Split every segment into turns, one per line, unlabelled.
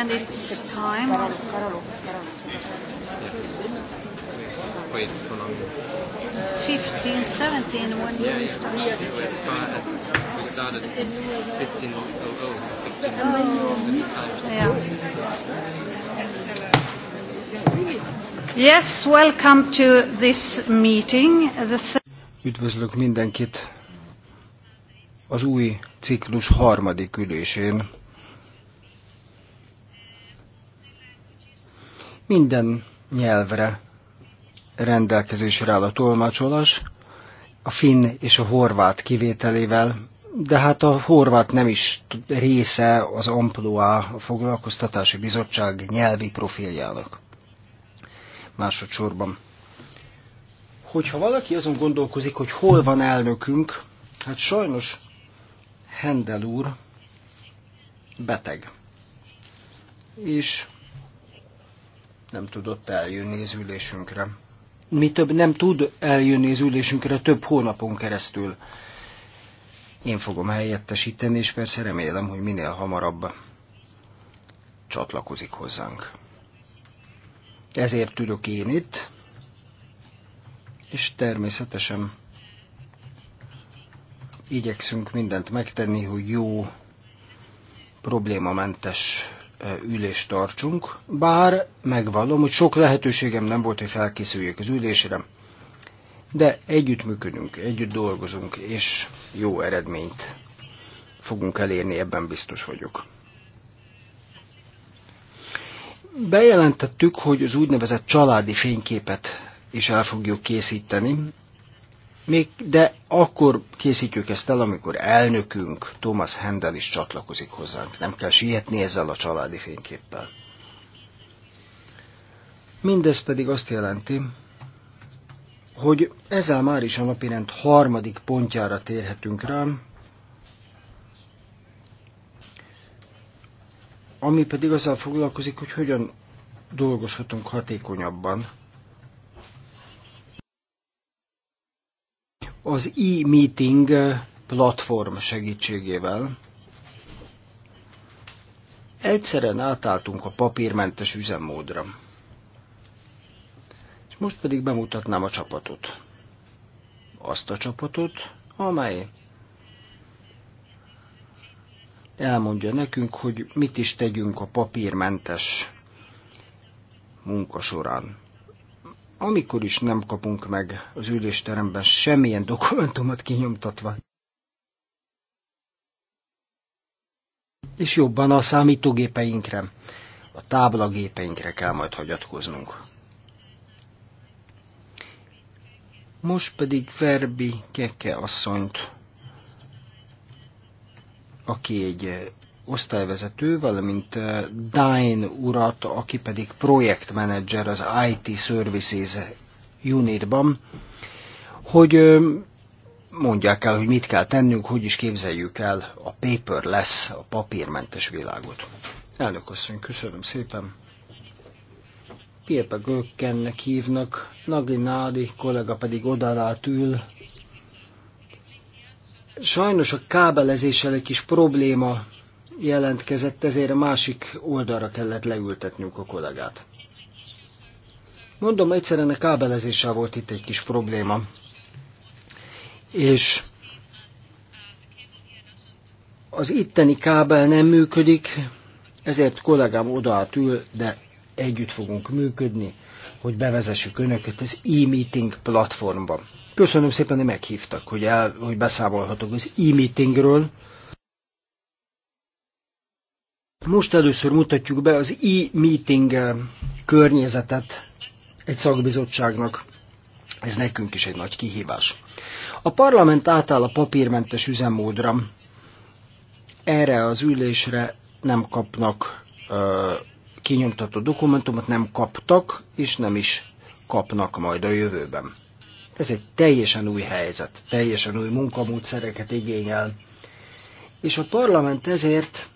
and it's time. Wait, how long?
Üdvözlök mindenkit az új ciklus harmadik ülésén. Minden nyelvre rendelkezésre áll a tolmácsolás, a finn és a horvát kivételével, de hát a horvát nem is része az Amploa, a Foglalkoztatási Bizottság nyelvi profiljának. Másodszorban. Hogyha valaki azon gondolkozik, hogy hol van elnökünk, hát sajnos Hendel úr beteg. És nem tudott eljönni az ülésünkre. Mi több nem tud eljönni az ülésünkre több hónapon keresztül. Én fogom helyettesíteni, és persze remélem, hogy minél hamarabb csatlakozik hozzánk. Ezért tudok én itt, és természetesen igyekszünk mindent megtenni, hogy jó, problémamentes ülést tartsunk, bár megvallom, hogy sok lehetőségem nem volt, hogy felkészüljek az ülésre, de működünk, együtt dolgozunk, és jó eredményt fogunk elérni, ebben biztos vagyok. Bejelentettük, hogy az úgynevezett családi fényképet is el fogjuk készíteni, még, de akkor készítjük ezt el, amikor elnökünk Thomas Hendel is csatlakozik hozzánk. Nem kell sietni ezzel a családi fényképpel. Mindez pedig azt jelenti, hogy ezzel már is a napirend harmadik pontjára térhetünk rá, ami pedig azzal foglalkozik, hogy hogyan dolgozhatunk hatékonyabban az e-meeting platform segítségével. Egyszerűen átálltunk a papírmentes üzemmódra. És most pedig bemutatnám a csapatot. Azt a csapatot, amely elmondja nekünk, hogy mit is tegyünk a papírmentes munka során amikor is nem kapunk meg az ülésteremben semmilyen dokumentumot kinyomtatva, és jobban a számítógépeinkre, a táblagépeinkre kell majd hagyatkoznunk. Most pedig Verbi Keke asszonyt, aki egy osztályvezető, valamint eh, Dine urat, aki pedig projektmenedzser az IT Services unitban, hogy eh, mondják el, hogy mit kell tennünk, hogy is képzeljük el a paper lesz, a papírmentes világot. Elnök asszony, köszönöm szépen. Pépe Gökkennek hívnak, Nagli Nádi kollega pedig odalát ül. Sajnos a kábelezéssel egy kis probléma jelentkezett, ezért a másik oldalra kellett leültetnünk a kollégát. Mondom, egyszerűen a kábelezéssel volt itt egy kis probléma. És az itteni kábel nem működik, ezért kollégám odaát ül, de együtt fogunk működni, hogy bevezessük önöket az e-meeting platformba. Köszönöm szépen, hogy meghívtak, hogy, el, hogy beszámolhatok az e-meetingről. Most először mutatjuk be az e-meeting eh, környezetet egy szakbizottságnak. Ez nekünk is egy nagy kihívás. A parlament átáll a papírmentes üzemmódra. Erre az ülésre nem kapnak ö, eh, kinyomtató dokumentumot, nem kaptak, és nem is kapnak majd a jövőben. Ez egy teljesen új helyzet, teljesen új munkamódszereket igényel. És a parlament ezért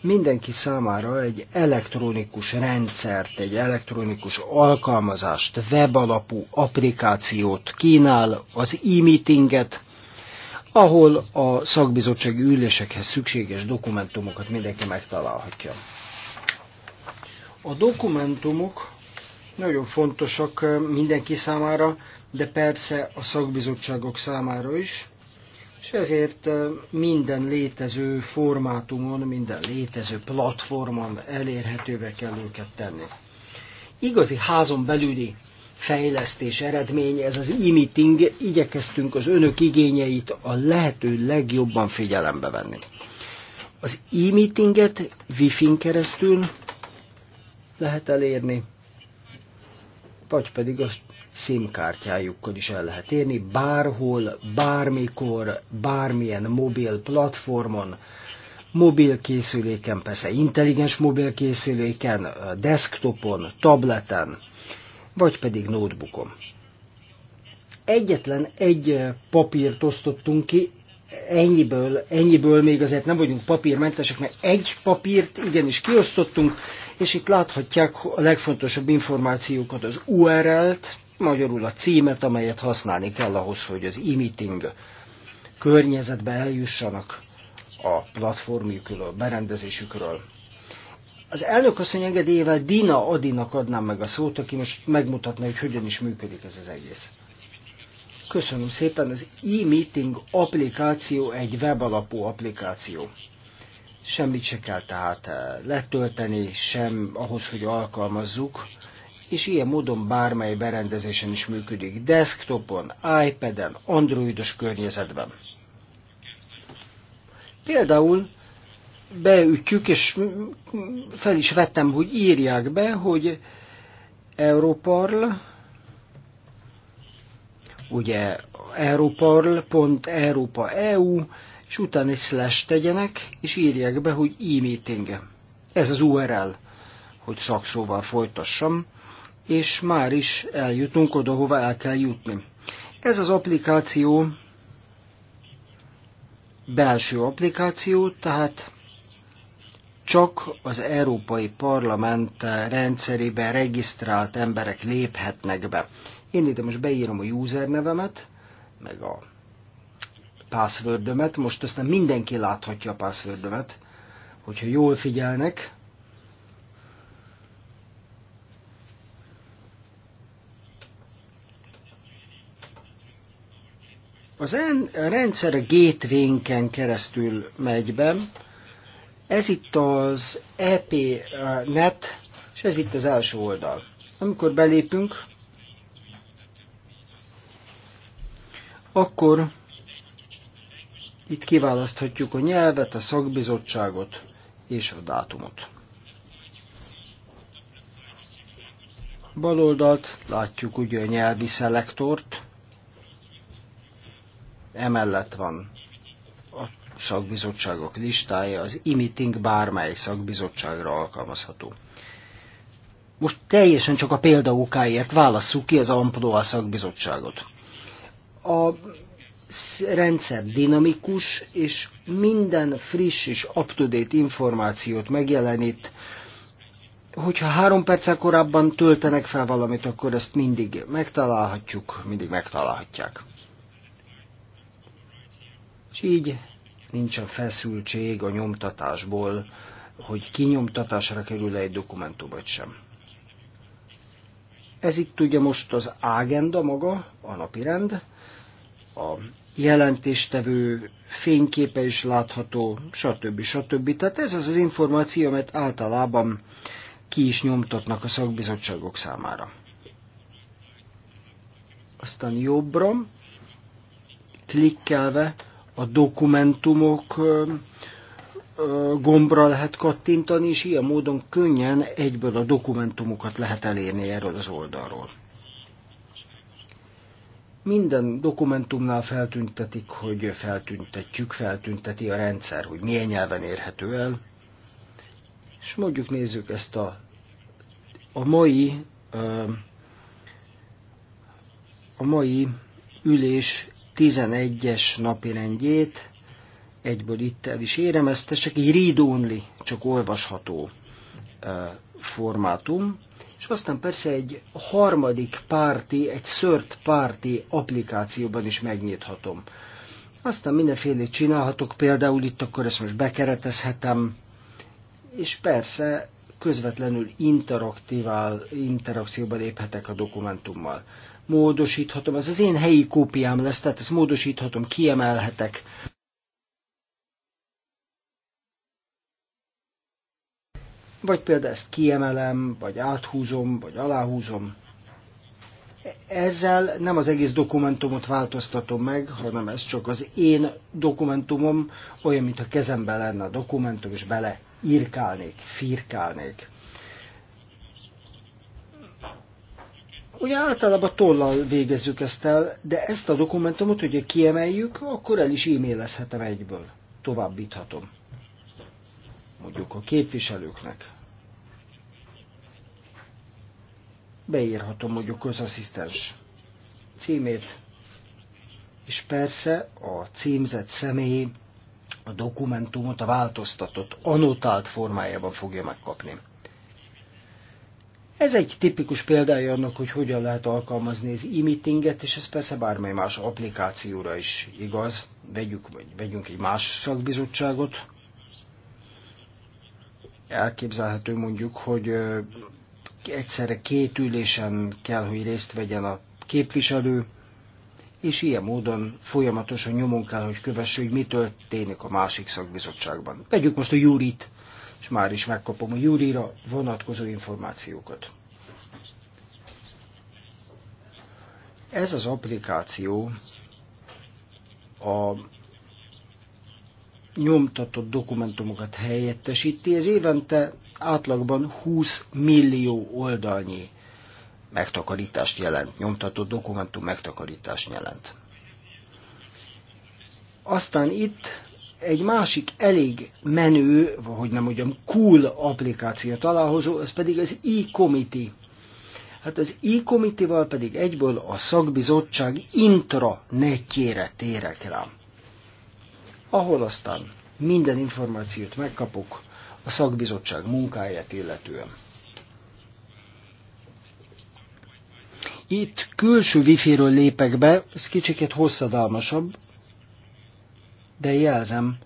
mindenki számára egy elektronikus rendszert, egy elektronikus alkalmazást, webalapú applikációt kínál, az e-meetinget, ahol a szakbizottsági ülésekhez szükséges dokumentumokat mindenki megtalálhatja. A dokumentumok nagyon fontosak mindenki számára, de persze a szakbizottságok számára is, és ezért eh, minden létező formátumon, minden létező platformon elérhetővé kell őket tenni. Igazi házon belüli fejlesztés eredménye, ez az e-meeting, igyekeztünk az önök igényeit a lehető legjobban figyelembe venni. Az e-meetinget wifi-n keresztül lehet elérni, vagy pedig a SIM-kártyájukkal is el lehet érni, bárhol, bármikor, bármilyen mobil platformon, mobil készüléken, persze intelligens mobil készüléken, desktopon, tableten, vagy pedig notebookon. Egyetlen egy papírt osztottunk ki, ennyiből, ennyiből még azért nem vagyunk papírmentesek, mert egy papírt igenis kiosztottunk, és itt láthatják a legfontosabb információkat, az URL-t, magyarul a címet, amelyet használni kell ahhoz, hogy az e-meeting környezetbe eljussanak a platformjukról, a berendezésükről. Az elnök asszony engedélyével Dina Adinak adnám meg a szót, aki most megmutatná, hogy hogyan is működik ez az egész. Köszönöm szépen, az e-meeting applikáció egy webalapú applikáció. Semmit se kell tehát letölteni, sem ahhoz, hogy alkalmazzuk és ilyen módon bármely berendezésen is működik, desktopon, iPad-en, androidos környezetben. Például beütjük, és fel is vettem, hogy írják be, hogy Europarl, ugye europarl.europa.eu, és utána egy slash tegyenek, és írják be, hogy e-meeting. Ez az URL, hogy szakszóval folytassam és már is eljutunk oda, hova el kell jutni. Ez az applikáció belső applikáció, tehát csak az Európai Parlament rendszerében regisztrált emberek léphetnek be. Én ide most beírom a user nevemet, meg a passwordömet, most aztán mindenki láthatja a passwordömet, hogyha jól figyelnek, Az en, rendszer a gétvénken keresztül megy be, ez itt az EP-net, és ez itt az első oldal. Amikor belépünk, akkor itt kiválaszthatjuk a nyelvet, a szakbizottságot és a dátumot. Bal oldalt látjuk ugye a nyelvi szelektort, emellett van a szakbizottságok listája, az imiting bármely szakbizottságra alkalmazható. Most teljesen csak a példa okáért válasszuk ki az Ampdoa szakbizottságot. A rendszer dinamikus, és minden friss és up-to-date információt megjelenít. Hogyha három perccel korábban töltenek fel valamit, akkor ezt mindig megtalálhatjuk, mindig megtalálhatják és így a feszültség a nyomtatásból, hogy kinyomtatásra kerül -e egy dokumentum vagy sem. Ez itt ugye most az ágenda maga, a napirend, a jelentéstevő fényképe is látható, stb. stb. Tehát ez az az információ, amit általában ki is nyomtatnak a szakbizottságok számára. Aztán jobbra klikkelve a dokumentumok gombra lehet kattintani, és ilyen módon könnyen egyből a dokumentumokat lehet elérni erről az oldalról. Minden dokumentumnál feltüntetik, hogy feltüntetjük, feltünteti a rendszer, hogy milyen nyelven érhető el. És mondjuk nézzük ezt a, a mai a mai ülés 11-es napirendjét, egyből itt el is érem, ez csak egy read-only, csak olvasható formátum, és aztán persze egy harmadik párti, egy szört párti applikációban is megnyithatom. Aztán mindenfélét csinálhatok, például itt akkor ezt most bekeretezhetem, és persze közvetlenül interaktivál, interakcióba léphetek a dokumentummal módosíthatom. Ez az én helyi kópiám lesz, tehát ezt módosíthatom, kiemelhetek. Vagy például ezt kiemelem, vagy áthúzom, vagy aláhúzom. Ezzel nem az egész dokumentumot változtatom meg, hanem ez csak az én dokumentumom, olyan, mintha kezemben lenne a dokumentum, és bele írkálnék, firkálnék. Ugye általában tollal végezzük ezt el, de ezt a dokumentumot, hogyha kiemeljük, akkor el is e-mailezhetem egyből. Továbbíthatom. Mondjuk a képviselőknek. Beírhatom mondjuk az asszisztens címét, és persze a címzett személy a dokumentumot a változtatott, anotált formájában fogja megkapni. Ez egy tipikus példája annak, hogy hogyan lehet alkalmazni az e-meetinget, és ez persze bármely más applikációra is igaz. Vegyük, vagy vegyünk egy más szakbizottságot. Elképzelhető mondjuk, hogy egyszerre két ülésen kell, hogy részt vegyen a képviselő, és ilyen módon folyamatosan nyomon kell, hogy kövesse, hogy mi történik a másik szakbizottságban. Vegyük most a Júrit és már is megkapom a Júrira vonatkozó információkat. Ez az applikáció a nyomtatott dokumentumokat helyettesíti, ez évente átlagban 20 millió oldalnyi megtakarítást jelent, nyomtatott dokumentum megtakarítást jelent. Aztán itt egy másik elég menő, vagy nem mondjam, cool applikáció találhozó, ez pedig az e-committee. Hát az e committee pedig egyből a szakbizottság intranetjére térek rá. Ahol aztán minden információt megkapok a szakbizottság munkáját illetően. Itt külső wifi-ről lépek be, ez kicsiket hosszadalmasabb, de jelzem,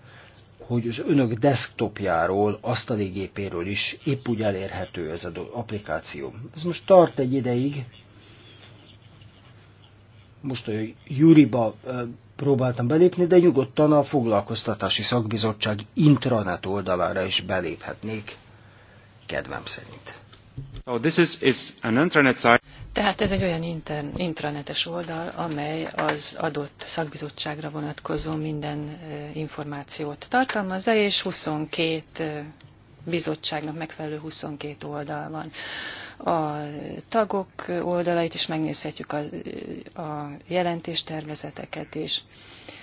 hogy az önök desktopjáról, asztali gépéről is épp úgy elérhető ez az applikáció. Ez most tart egy ideig. Most a Juriba próbáltam belépni, de nyugodtan a foglalkoztatási szakbizottság intranet oldalára is beléphetnék, kedvem szerint. Oh, this is, is an intranet site.
Tehát ez egy olyan intern, intranetes oldal, amely az adott szakbizottságra vonatkozó minden információt tartalmazza, és 22 bizottságnak megfelelő 22 oldal van. A tagok oldalait is megnézhetjük a, a jelentéstervezeteket is. És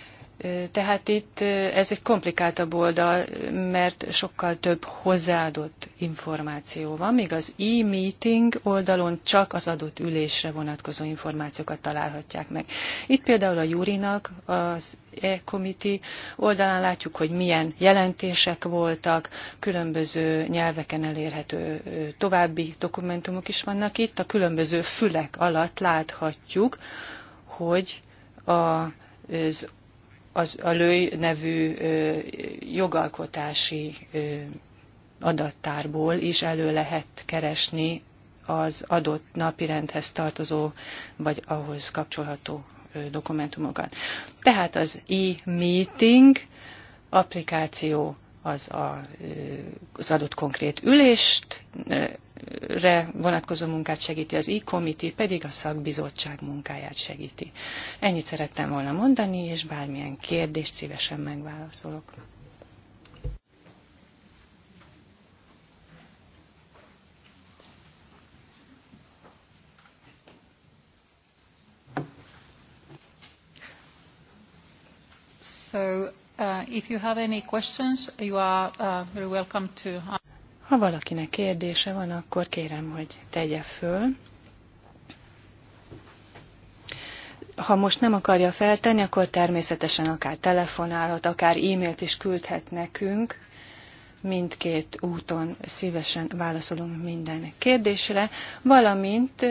tehát itt ez egy komplikáltabb oldal, mert sokkal több hozzáadott információ van, míg az e-meeting oldalon csak az adott ülésre vonatkozó információkat találhatják meg. Itt például a Jurinak, az e-committee oldalán látjuk, hogy milyen jelentések voltak, különböző nyelveken elérhető további dokumentumok is vannak itt. A különböző fülek alatt láthatjuk, hogy a az az, a LÖJ nevű jogalkotási adattárból is elő lehet keresni az adott napirendhez tartozó vagy ahhoz kapcsolható dokumentumokat. Tehát az e-meeting applikáció az a, az adott konkrét ülést re vonatkozó munkát segíti, az e-committee pedig a szakbizottság munkáját segíti. Ennyit szerettem volna mondani, és bármilyen kérdést szívesen megválaszolok.
So, uh, if you have any questions, you are uh, very welcome to.
Ha valakinek kérdése van, akkor kérem, hogy tegye föl. Ha most nem akarja feltenni, akkor természetesen akár telefonálhat, akár e-mailt is küldhet nekünk. Mindkét úton szívesen válaszolunk minden kérdésre, valamint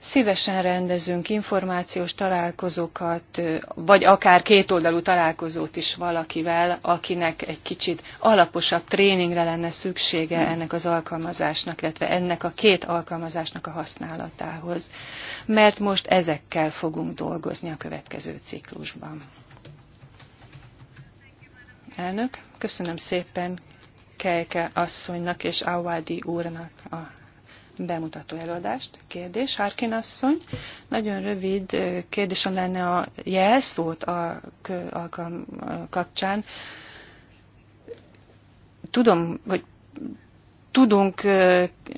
Szívesen rendezünk információs találkozókat, vagy akár kétoldalú találkozót is valakivel, akinek egy kicsit alaposabb tréningre lenne szüksége ennek az alkalmazásnak, illetve ennek a két alkalmazásnak a használatához. Mert most ezekkel fogunk dolgozni a következő ciklusban. Elnök, köszönöm szépen Kejke asszonynak és Awadi úrnak a bemutató előadást. Kérdés, Harkin asszony. Nagyon rövid kérdésem lenne a jelszót a, a, kapcsán. Tudom, hogy tudunk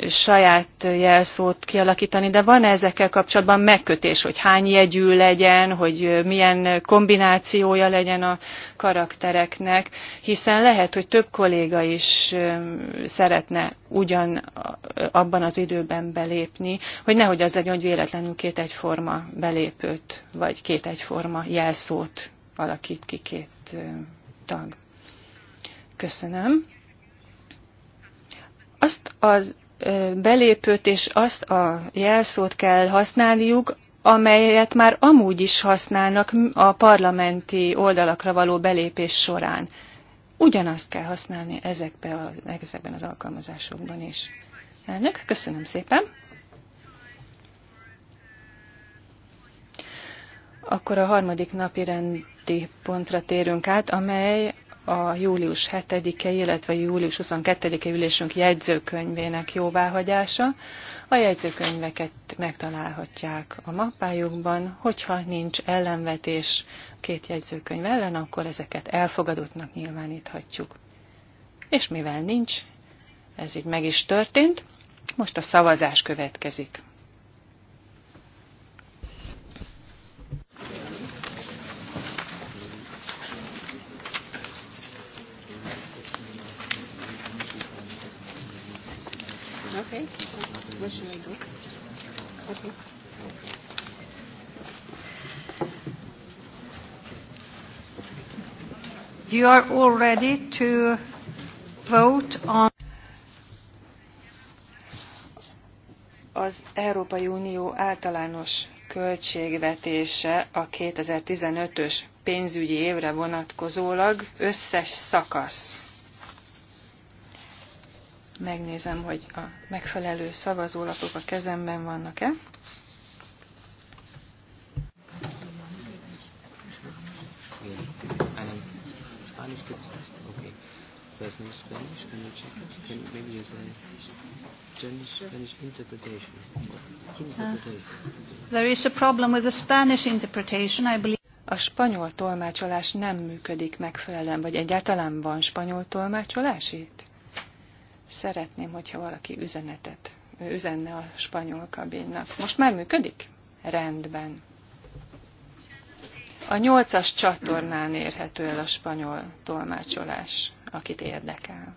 saját jelszót kialakítani, de van -e ezekkel kapcsolatban megkötés, hogy hány jegyű legyen, hogy milyen kombinációja legyen a karaktereknek, hiszen lehet, hogy több kolléga is szeretne ugyan abban az időben belépni, hogy nehogy az legyen, hogy véletlenül két egyforma belépőt, vagy két egyforma jelszót alakít ki két tag. Köszönöm azt az belépőt és azt a jelszót kell használniuk, amelyet már amúgy is használnak a parlamenti oldalakra való belépés során. Ugyanazt kell használni ezekbe a, ezekben az alkalmazásokban is. Elnök, köszönöm szépen! Akkor a harmadik napi rendi pontra térünk át, amely a július 7-e, illetve július 22-e ülésünk jegyzőkönyvének jóváhagyása. A jegyzőkönyveket megtalálhatják a mappájukban, hogyha nincs ellenvetés két jegyzőkönyv ellen, akkor ezeket elfogadottnak nyilváníthatjuk. És mivel nincs, ez így meg is történt, most a szavazás következik.
You are all ready to vote on
az Európai Unió általános költségvetése a 2015-ös pénzügyi évre vonatkozólag összes szakasz megnézem, hogy a megfelelő szavazólapok a kezemben vannak-e.
Ah,
there is a problem with the Spanish interpretation, I believe. A spanyol tolmácsolás nem
működik megfelelően, vagy egyáltalán van spanyol tolmácsolás itt? Szeretném, hogyha valaki üzenetet üzenne a spanyol kabinnak. Most már működik? Rendben. A nyolcas csatornán érhető el a spanyol tolmácsolás, akit érdekel.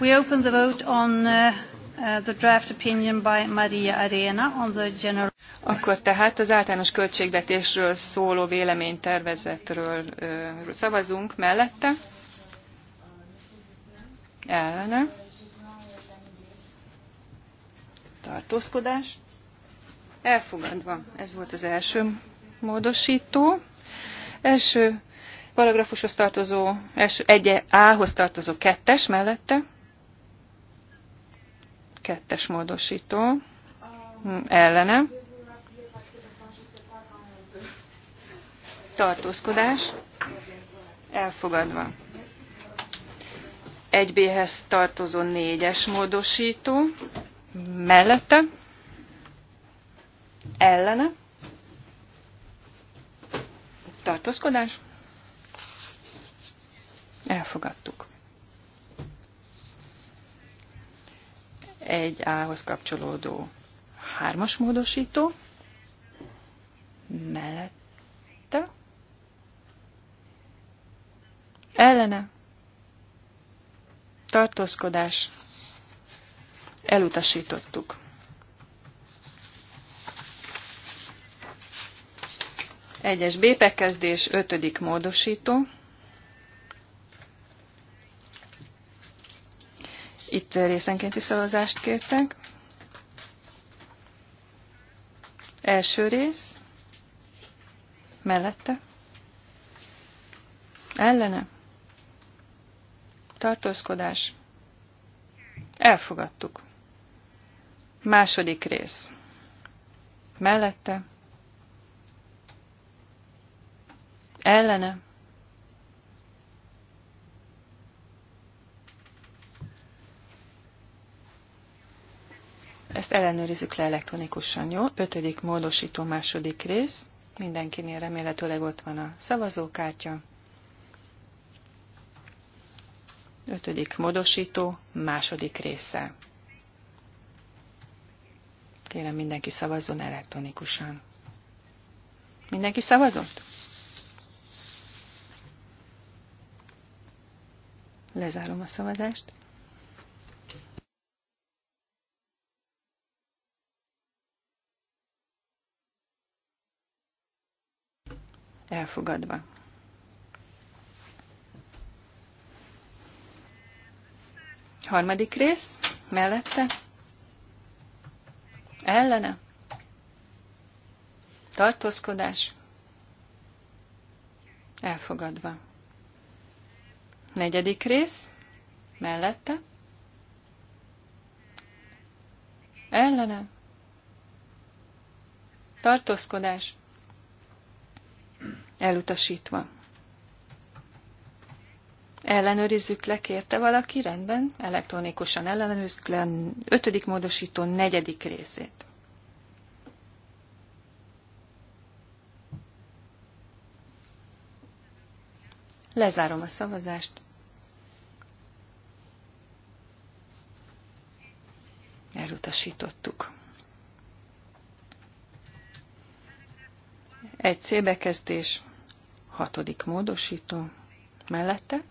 We open the vote on uh, uh, the draft opinion by Maria Arena on the general... Akkor tehát az általános költségvetésről szóló
véleménytervezetről uh, szavazunk mellette. Ellene. Tartózkodás. Elfogadva. Ez volt az első módosító. Első paragrafushoz tartozó, egy a hoz tartozó kettes mellette, kettes módosító ellene, tartózkodás elfogadva. Egy b hez tartozó négyes módosító mellette, ellene, tartózkodás Elfogadtuk. Egy A-hoz kapcsolódó hármas módosító mellette ellene tartózkodás elutasítottuk. Egyes B bekezdés, ötödik módosító. részenkénti szavazást kértek. Első rész, mellette, ellene, tartózkodás, elfogadtuk. Második rész, mellette, ellene, Ezt ellenőrizzük le elektronikusan, jó? Ötödik módosító második rész. Mindenkinél remélhetőleg ott van a szavazókártya. Ötödik módosító második része. Kérem mindenki szavazzon elektronikusan. Mindenki szavazott?
Lezárom a szavazást.
elfogadva. Harmadik rész, mellette, ellene, tartózkodás, elfogadva. Negyedik rész, mellette, ellene, tartózkodás, elutasítva. Ellenőrizzük le, kérte valaki, rendben, elektronikusan ellenőrizzük le a ötödik módosító negyedik részét. Lezárom a szavazást. Elutasítottuk. Egy célbekezdés, hatodik módosító. Mellette?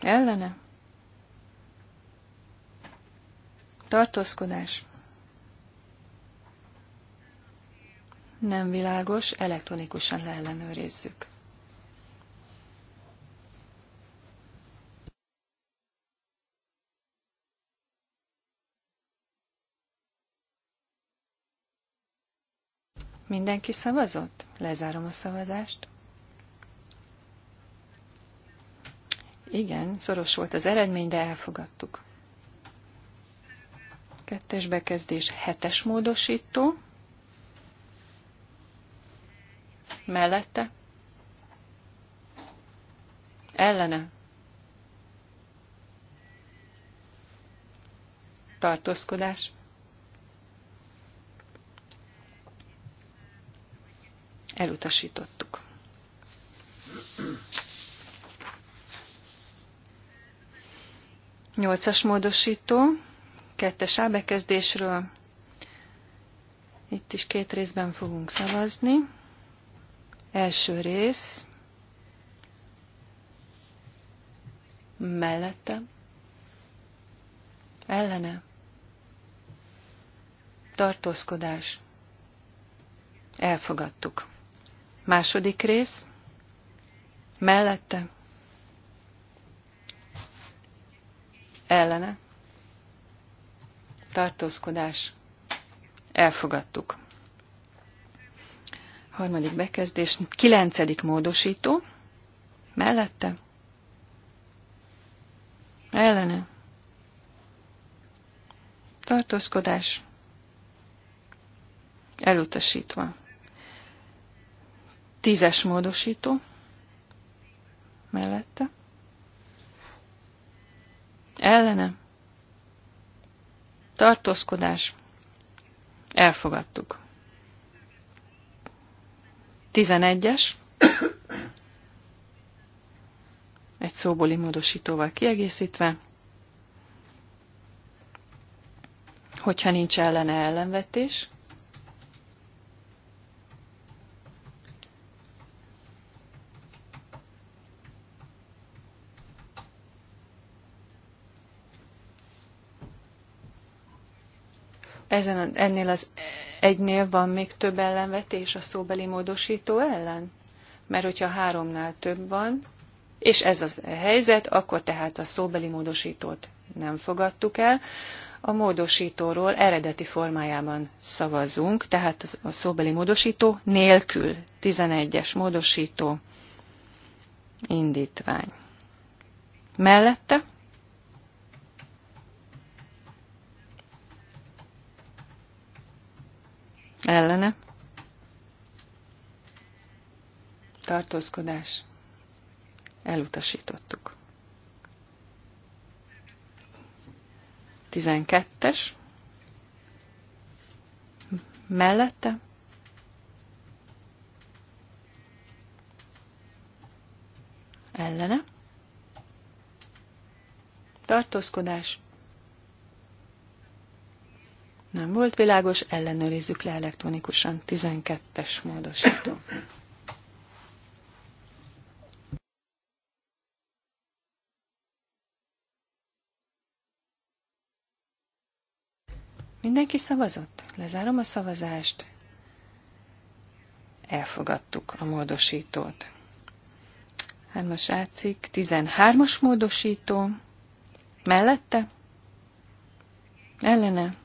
Ellene? Tartózkodás. Nem világos, elektronikusan leellenőrizzük. Mindenki szavazott? Lezárom a szavazást. Igen, szoros volt az eredmény, de elfogadtuk. Kettes bekezdés, hetes módosító. Mellette. Ellene. Tartózkodás.
Elutasítottuk.
Nyolcas módosító, kettes ábekezdésről. Itt is két részben fogunk szavazni. Első rész, mellette, ellene, tartózkodás. Elfogadtuk. Második rész. Mellette. Ellene. Tartózkodás. Elfogadtuk. Harmadik bekezdés. Kilencedik módosító. Mellette. Ellene. Tartózkodás. Elutasítva. Tízes módosító mellette. Ellene. Tartózkodás. Elfogadtuk. Tizenegyes. Egy szóbóli módosítóval kiegészítve. Hogyha nincs ellene ellenvetés, ezen, ennél az egynél van még több ellenvetés a szóbeli módosító ellen? Mert hogyha háromnál több van, és ez a helyzet, akkor tehát a szóbeli módosítót nem fogadtuk el. A módosítóról eredeti formájában szavazunk, tehát a szóbeli módosító nélkül 11-es módosító indítvány. Mellette ellene, tartózkodás, elutasítottuk. 12-es, mellette, ellene, tartózkodás, nem volt világos, ellenőrizzük le elektronikusan. 12-es módosító. Mindenki szavazott? Lezárom a szavazást. Elfogadtuk a módosítót. Hármas átszik, 13-as módosító. Mellette? Ellene?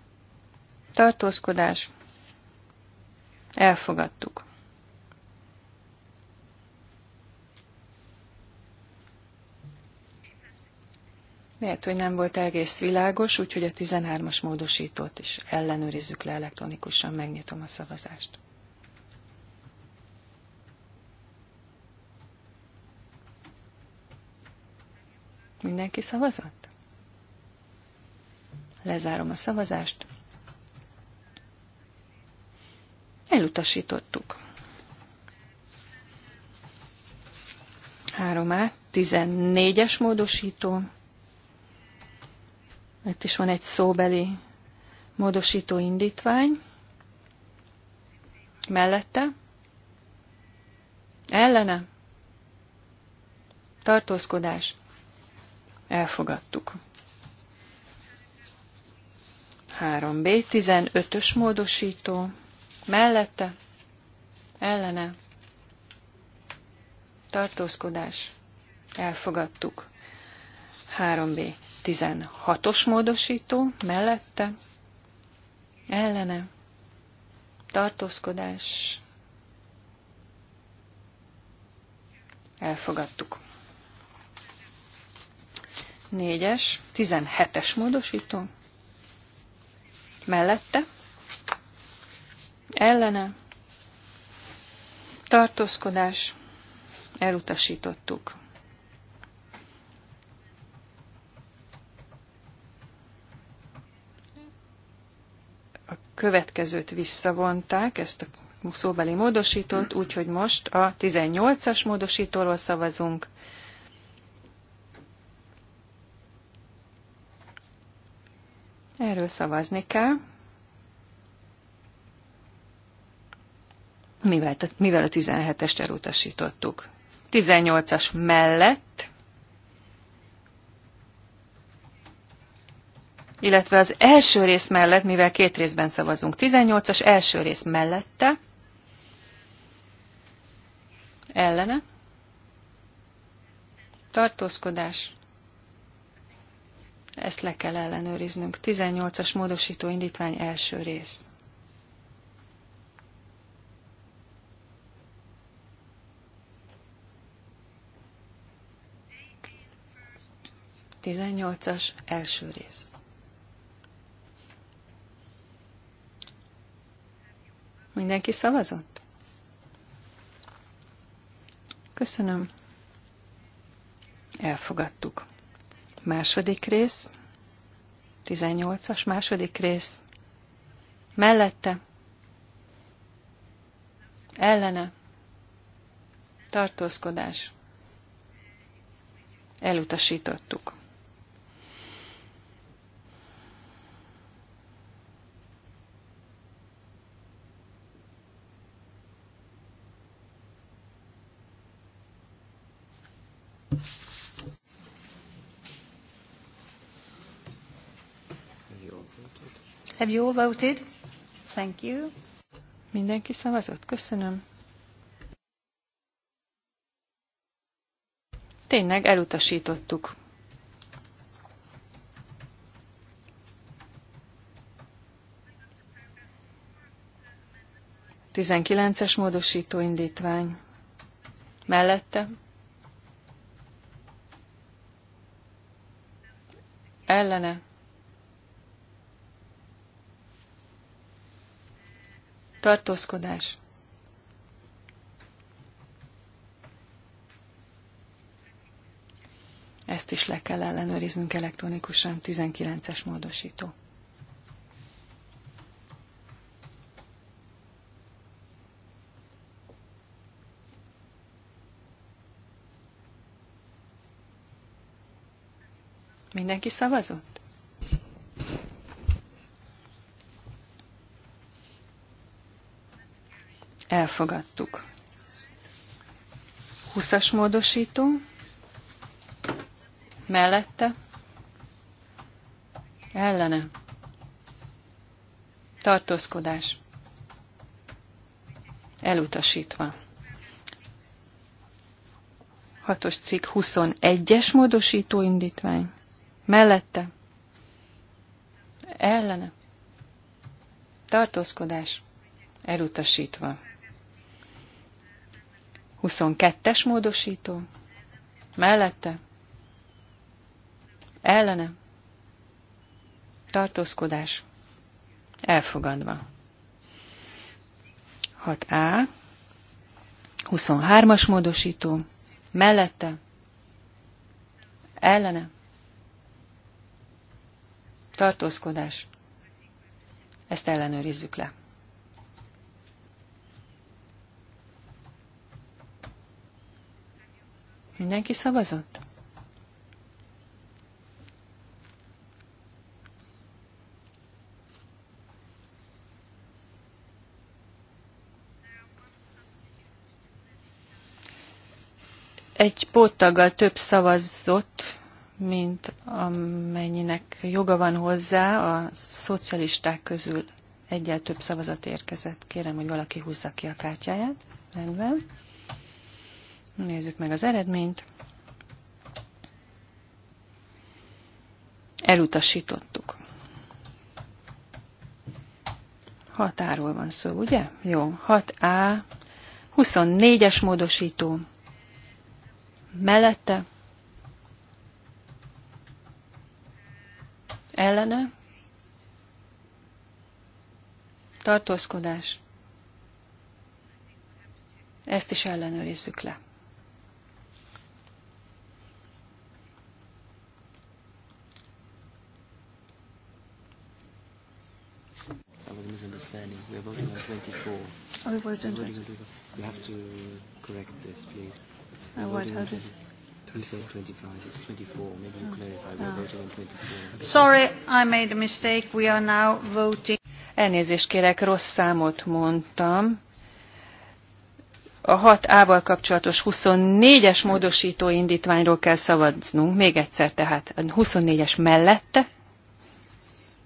tartózkodás, elfogadtuk. Lehet, hogy nem volt egész világos, úgyhogy a 13-as módosítót is ellenőrizzük le elektronikusan, megnyitom a szavazást. Mindenki szavazott? Lezárom a szavazást. Elutasítottuk. 3A, 14-es módosító. Itt is van egy szóbeli módosító indítvány. Mellette. Ellene. Tartózkodás. Elfogadtuk. 3B, 15-ös módosító mellette, ellene, tartózkodás, elfogadtuk. 3B 16-os módosító, mellette, ellene, tartózkodás, elfogadtuk. 4-es, 17-es módosító, mellette, ellene tartózkodás elutasítottuk. A következőt visszavonták, ezt a szóbeli módosítót, úgyhogy most a 18-as módosítóról szavazunk. Erről szavazni kell. mivel, mivel a 17-est elutasítottuk. 18-as mellett, illetve az első rész mellett, mivel két részben szavazunk, 18-as első rész mellette, ellene, tartózkodás, ezt le kell ellenőriznünk. 18-as módosító indítvány első rész. 18-as első rész. Mindenki szavazott? Köszönöm. Elfogadtuk. Második rész. 18-as második rész. Mellette. Ellene. Tartózkodás. Elutasítottuk.
Have you all voted? Thank you. Mindenki szavazott. Köszönöm.
Tényleg elutasítottuk. Tizenkilences módosító indítvány. Mellette. Ellene. tartózkodás. Ezt is le kell ellenőriznünk elektronikusan, 19-es módosító. Mindenki szavazott? elfogadtuk. 20-as módosító, mellette, ellene, tartózkodás, elutasítva. 6-os cikk 21-es módosító indítvány, mellette, ellene, tartózkodás, elutasítva. 22-es módosító. Mellette. Ellene. Tartózkodás. Elfogadva. 6A. 23-as módosító. Mellette. Ellene. Tartózkodás. Ezt ellenőrizzük le. Mindenki szavazott? Egy póttaggal több szavazott, mint amennyinek joga van hozzá, a szocialisták közül egyel több szavazat érkezett. Kérem, hogy valaki húzza ki a kártyáját. Rendben. Nézzük meg az eredményt. Elutasítottuk. Határól van szó, ugye? Jó, 6A, 24-es módosító. Mellette. Ellene. Tartózkodás. Ezt is ellenőrizzük le.
we are voting on 24. Oh, we voting on 24. You have to correct this, please. Oh, what, how does... You said 25, it's 24. Maybe you oh. clarify.
We're ah. voting on 24. Sorry, I made a mistake. We are now voting. Elnézést kérek, rossz számot mondtam. A 6A-val
kapcsolatos 24-es módosító indítványról kell szavaznunk. Még egyszer tehát. 24-es mellette,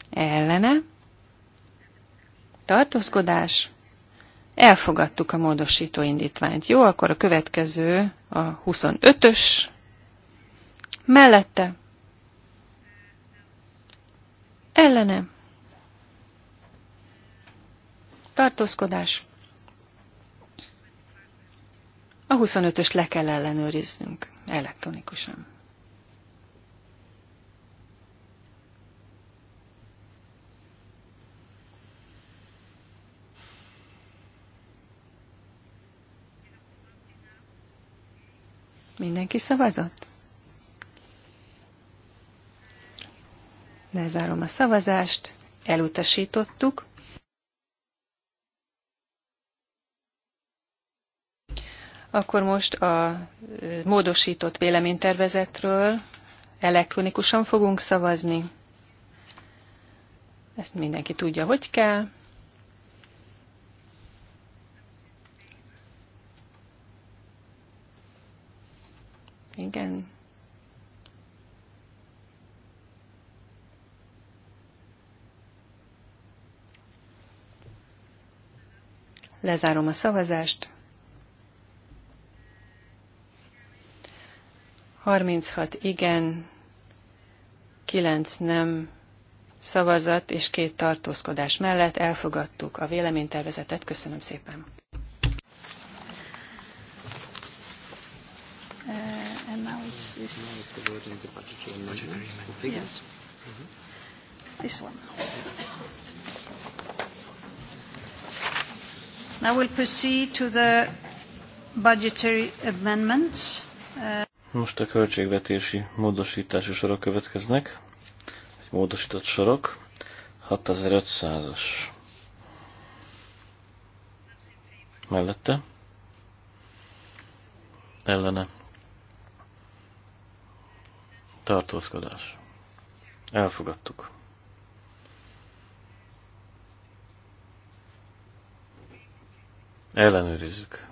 ellene, tartózkodás, elfogadtuk a módosító indítványt. Jó, akkor a következő a 25-ös mellette, ellene, tartózkodás, a 25-ös le kell ellenőriznünk elektronikusan. Mindenki szavazott?
Lezárom a szavazást. Elutasítottuk.
Akkor most a módosított véleménytervezetről elektronikusan fogunk szavazni. Ezt mindenki tudja, hogy kell. Lezárom a szavazást. 36 igen, 9 nem szavazat és két tartózkodás mellett elfogadtuk a véleménytervezetet. Köszönöm szépen.
Uh, Now we'll proceed to the budgetary amendments. Uh,
Most a költségvetési módosítási sorok következnek. Egy módosított sorok. 6500-as. Mellette. Ellene. Tartózkodás. Elfogadtuk. Ellenőrizzük.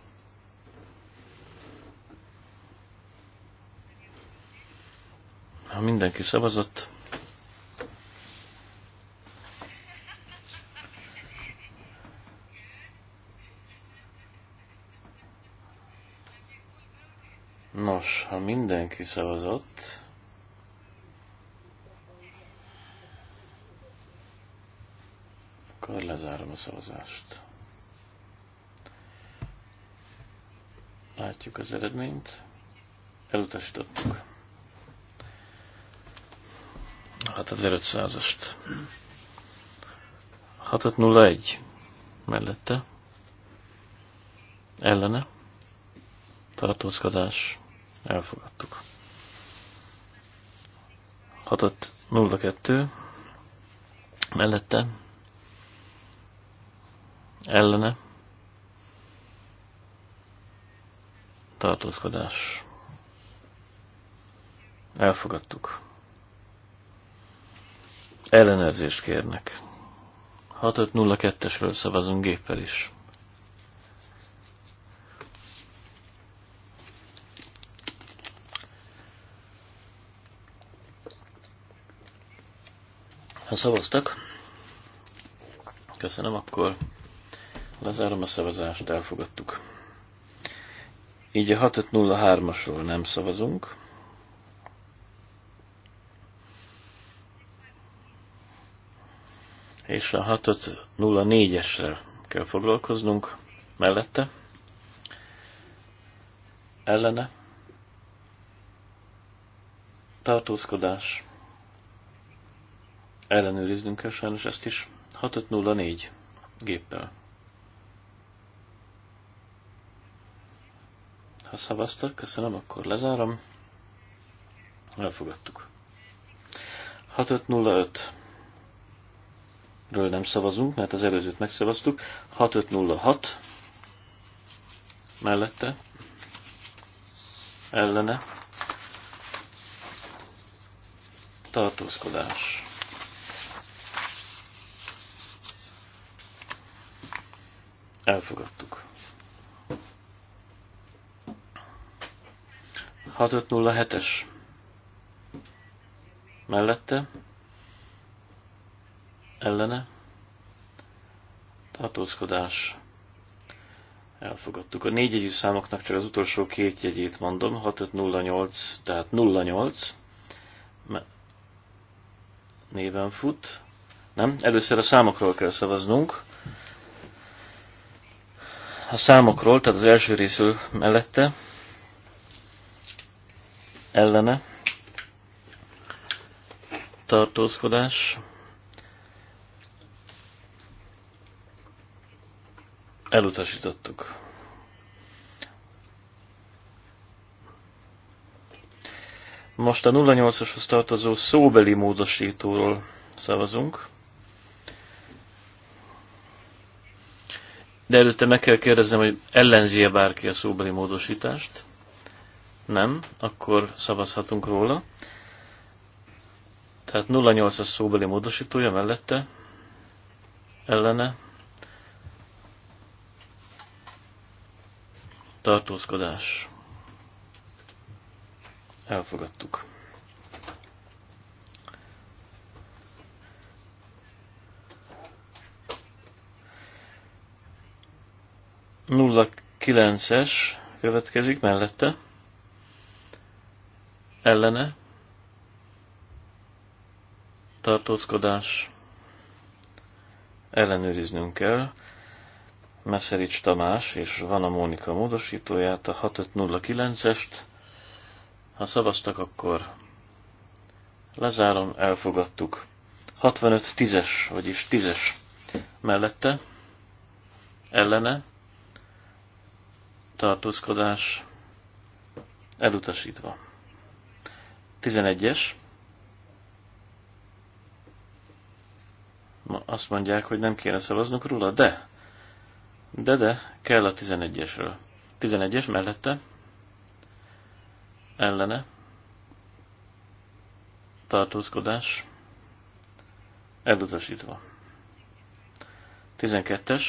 Ha mindenki szavazott, Nos, ha mindenki szavazott, akkor lezárom a szavazást. Látjuk az eredményt. Elutasítottuk. Hát az 500-ast. 6501 mellette. Ellene. Tartózkodás. Elfogadtuk. 6502 mellette. Ellene tartózkodás. Elfogadtuk. Ellenőrzést kérnek. 6502-esről szavazunk géppel is. Ha szavaztak, köszönöm, akkor lezárom a szavazást, elfogadtuk. Így a 6503-asról nem szavazunk. És a 6504-esre kell foglalkoznunk mellette. Ellene. Tartózkodás. Ellenőriznünk kell sajnos ezt is. 6504 géppel. ha szavaztak, köszönöm, akkor lezárom. Elfogadtuk. 6505 ről nem szavazunk, mert az előzőt megszavaztuk. 6506 mellette, ellene, tartózkodás. Elfogadtuk. 6507-es mellette, ellene, tartózkodás, elfogadtuk. A négyjegyű számoknak csak az utolsó két jegyét mondom, 6508, tehát 08 néven fut. Nem, először a számokról kell szavaznunk. A számokról, tehát az első részről mellette, ellene tartózkodás elutasítottuk. Most a 08-ashoz tartozó szóbeli módosítóról szavazunk. De előtte meg kell kérdeznem, hogy ellenzi-e bárki a szóbeli módosítást? Nem, akkor szavazhatunk róla. Tehát 08-as szóbeli módosítója mellette, ellene, tartózkodás. Elfogadtuk. Nulla kilences következik mellette ellene tartózkodás ellenőriznünk kell. Meszerics Tamás és Van a Mónika módosítóját, a 6509-est. Ha szavaztak, akkor lezárom, elfogadtuk. 65 es vagyis 10-es mellette, ellene, tartózkodás elutasítva. 11-es. Ma azt mondják, hogy nem kéne szavaznunk róla, de, de, de, kell a 11-esről. 11-es mellette, ellene, tartózkodás, elutasítva. 12-es,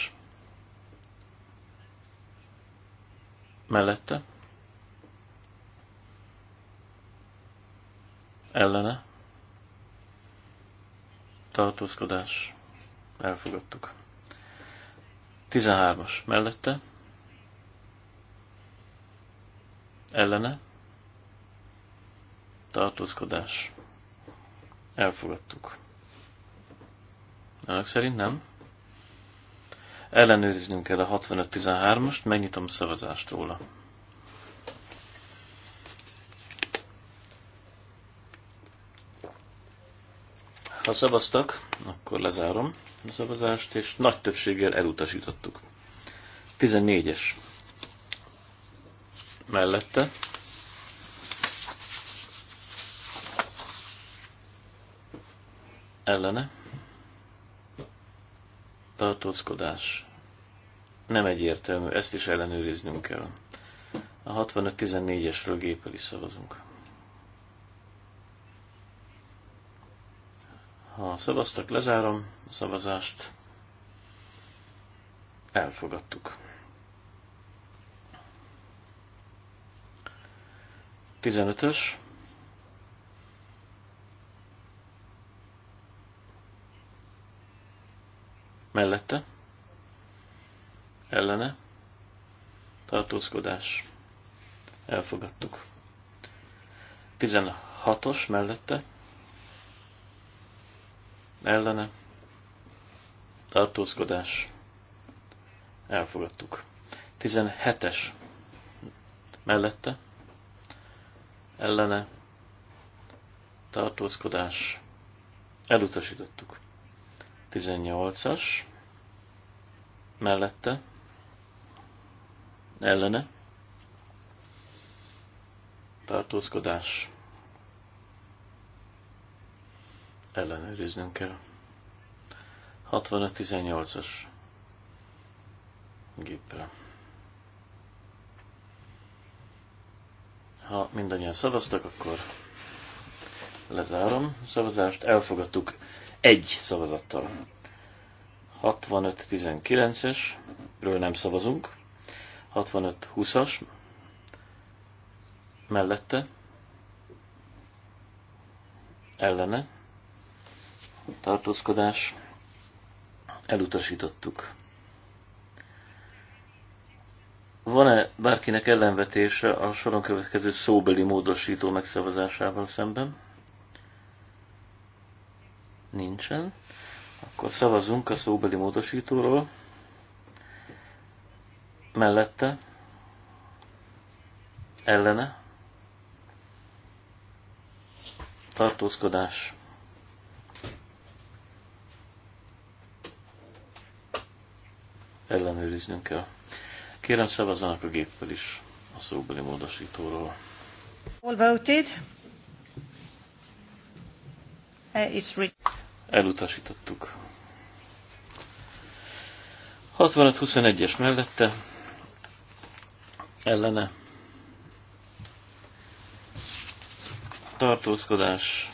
mellette, ellene tartózkodás elfogadtuk. 13-as mellette ellene tartózkodás elfogadtuk. Önök szerint nem? Ellenőriznünk kell a 65-13-ast, megnyitom a szavazást róla. Ha szavaztak, akkor lezárom a szavazást, és nagy többséggel elutasítottuk. 14-es mellette. Ellene. Tartózkodás. Nem egyértelmű, ezt is ellenőriznünk kell. A 65-14-esről géppel is szavazunk. Ha szavaztak, lezárom a szavazást. Elfogadtuk. 15-ös. Mellette. Ellene. Tartózkodás. Elfogadtuk. 16-os mellette ellene, tartózkodás, elfogadtuk. 17-es mellette, ellene, tartózkodás, elutasítottuk. 18-as mellette, ellene, tartózkodás, ellenőriznünk kell. 65-18-as gépre. Ha mindannyian szavaztak, akkor lezárom szavazást. Elfogadtuk egy szavazattal. 65-19-esről nem szavazunk. 65-20-as mellette ellene tartózkodás, elutasítottuk. Van-e bárkinek ellenvetése a soron következő szóbeli módosító megszavazásával szemben? Nincsen. Akkor szavazunk a szóbeli módosítóról. Mellette. Ellene. Tartózkodás ellenőriznünk kell. Kérem szavazzanak a géppel is a szóbeli módosítóról.
All voted. Uh, it's
Elutasítottuk. 65-21-es mellette ellene tartózkodás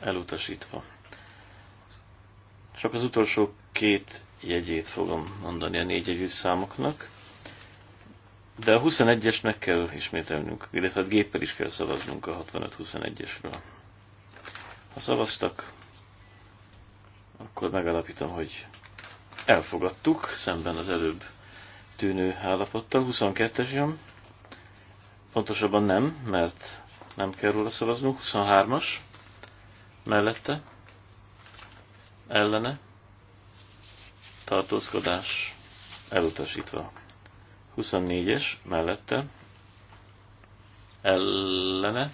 elutasítva. Csak az utolsó két jegyét fogom mondani a négy jegyű számoknak. De a 21-es meg kell ismételnünk, illetve a géppel is kell szavaznunk a 65-21-esről. Ha szavaztak, akkor megalapítom, hogy elfogadtuk, szemben az előbb tűnő állapottal. 22-es jön. Pontosabban nem, mert nem kell róla szavaznunk. 23-as mellette ellene tartózkodás elutasítva. 24-es mellette ellene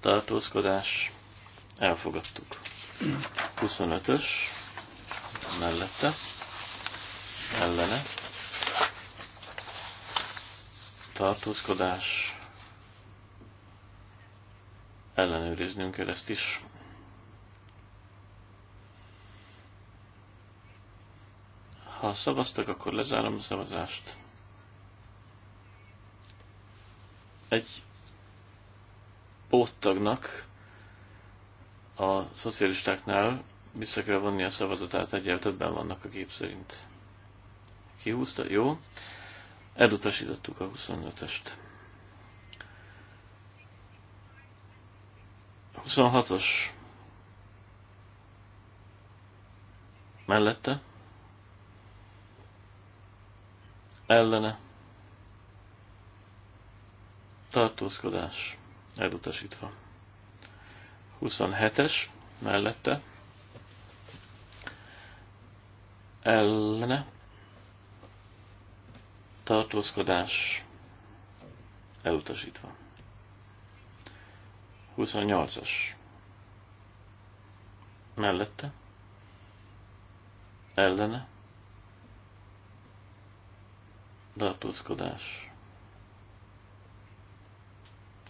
tartózkodás elfogadtuk. 25-ös mellette ellene tartózkodás ellenőriznünk kell ezt is. Ha szavaztak, akkor lezárom a szavazást. Egy póttagnak a szocialistáknál vissza kell vonni a szavazatát, egyel többen vannak a gép szerint. Kihúzta? Jó. Elutasítottuk a 25-est. 26-os mellette ellene tartózkodás elutasítva. 27-es mellette ellene tartózkodás elutasítva. 28-as mellette ellene tartózkodás.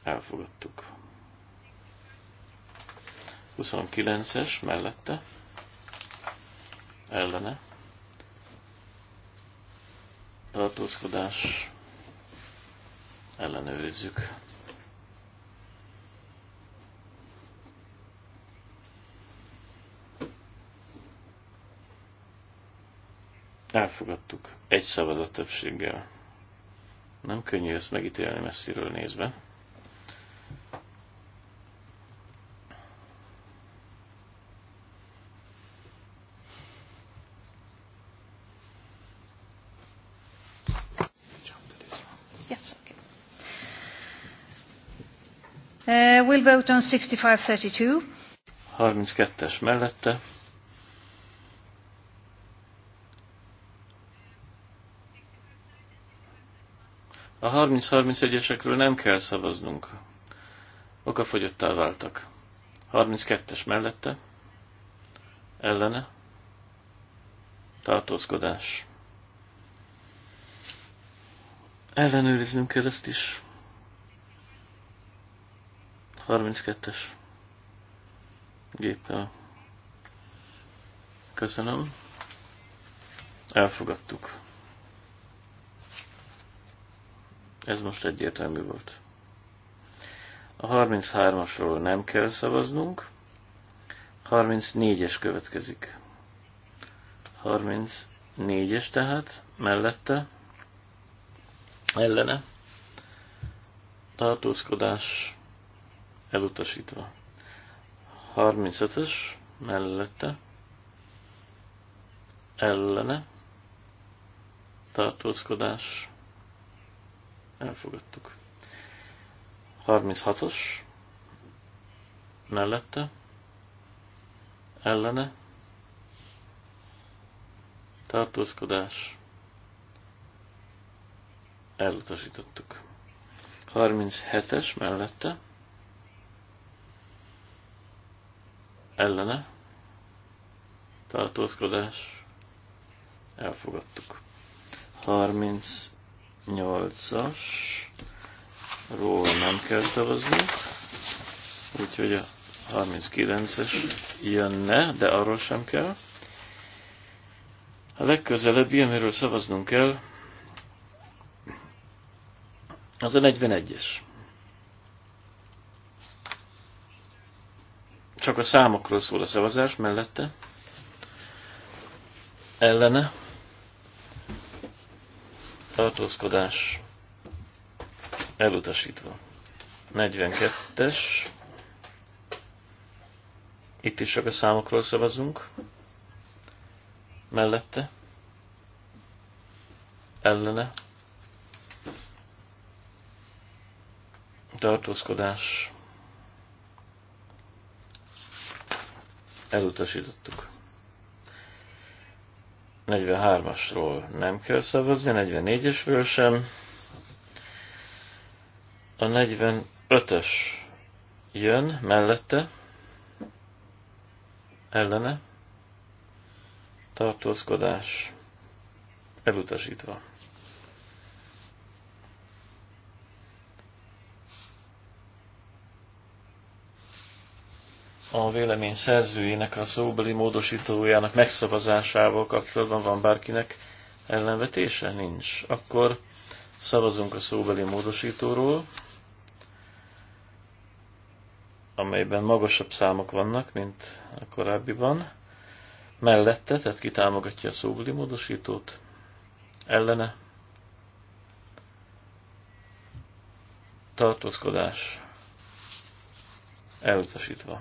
Elfogadtuk. 29-es mellette, ellene, tartózkodás, ellenőrizzük. Elfogadtuk. Egy szavazat többséggel. Nem könnyű ezt megítélni messziről nézve.
Uh, we'll vote on 6532.
32-es mellette, 30-31-esekről nem kell szavaznunk. Okafogyottá váltak. 32-es mellette. Ellene. Tartózkodás. Ellenőriznünk kell ezt is. 32-es géppel. Köszönöm. Elfogadtuk. Ez most egyértelmű volt. A 33-asról nem kell szavaznunk. 34-es következik. 34-es tehát, mellette, ellene, tartózkodás elutasítva. 35-ös, mellette, ellene, tartózkodás Elfogadtuk. 36-os. Mellette. Ellene. Tartózkodás. Elutasítottuk. 37-es mellette. Ellene. Tartózkodás. Elfogadtuk. 8-asról nem kell szavazni, úgyhogy a 39-es jönne, de arról sem kell. A legközelebbi, amiről szavaznunk kell, az a 41-es. Csak a számokról szól a szavazás mellette. Ellene tartózkodás elutasítva. 42-es. Itt is csak a számokról szavazunk. Mellette. Ellene. Tartózkodás. Elutasítottuk. 43-asról nem kell szavazni, 44-esről sem. A 45-ös jön mellette, ellene, tartózkodás elutasítva. a vélemény szerzőjének a szóbeli módosítójának megszavazásával kapcsolatban van bárkinek ellenvetése? Nincs. Akkor szavazunk a szóbeli módosítóról, amelyben magasabb számok vannak, mint a korábbiban. Mellette, tehát ki támogatja a szóbeli módosítót, ellene tartózkodás elutasítva.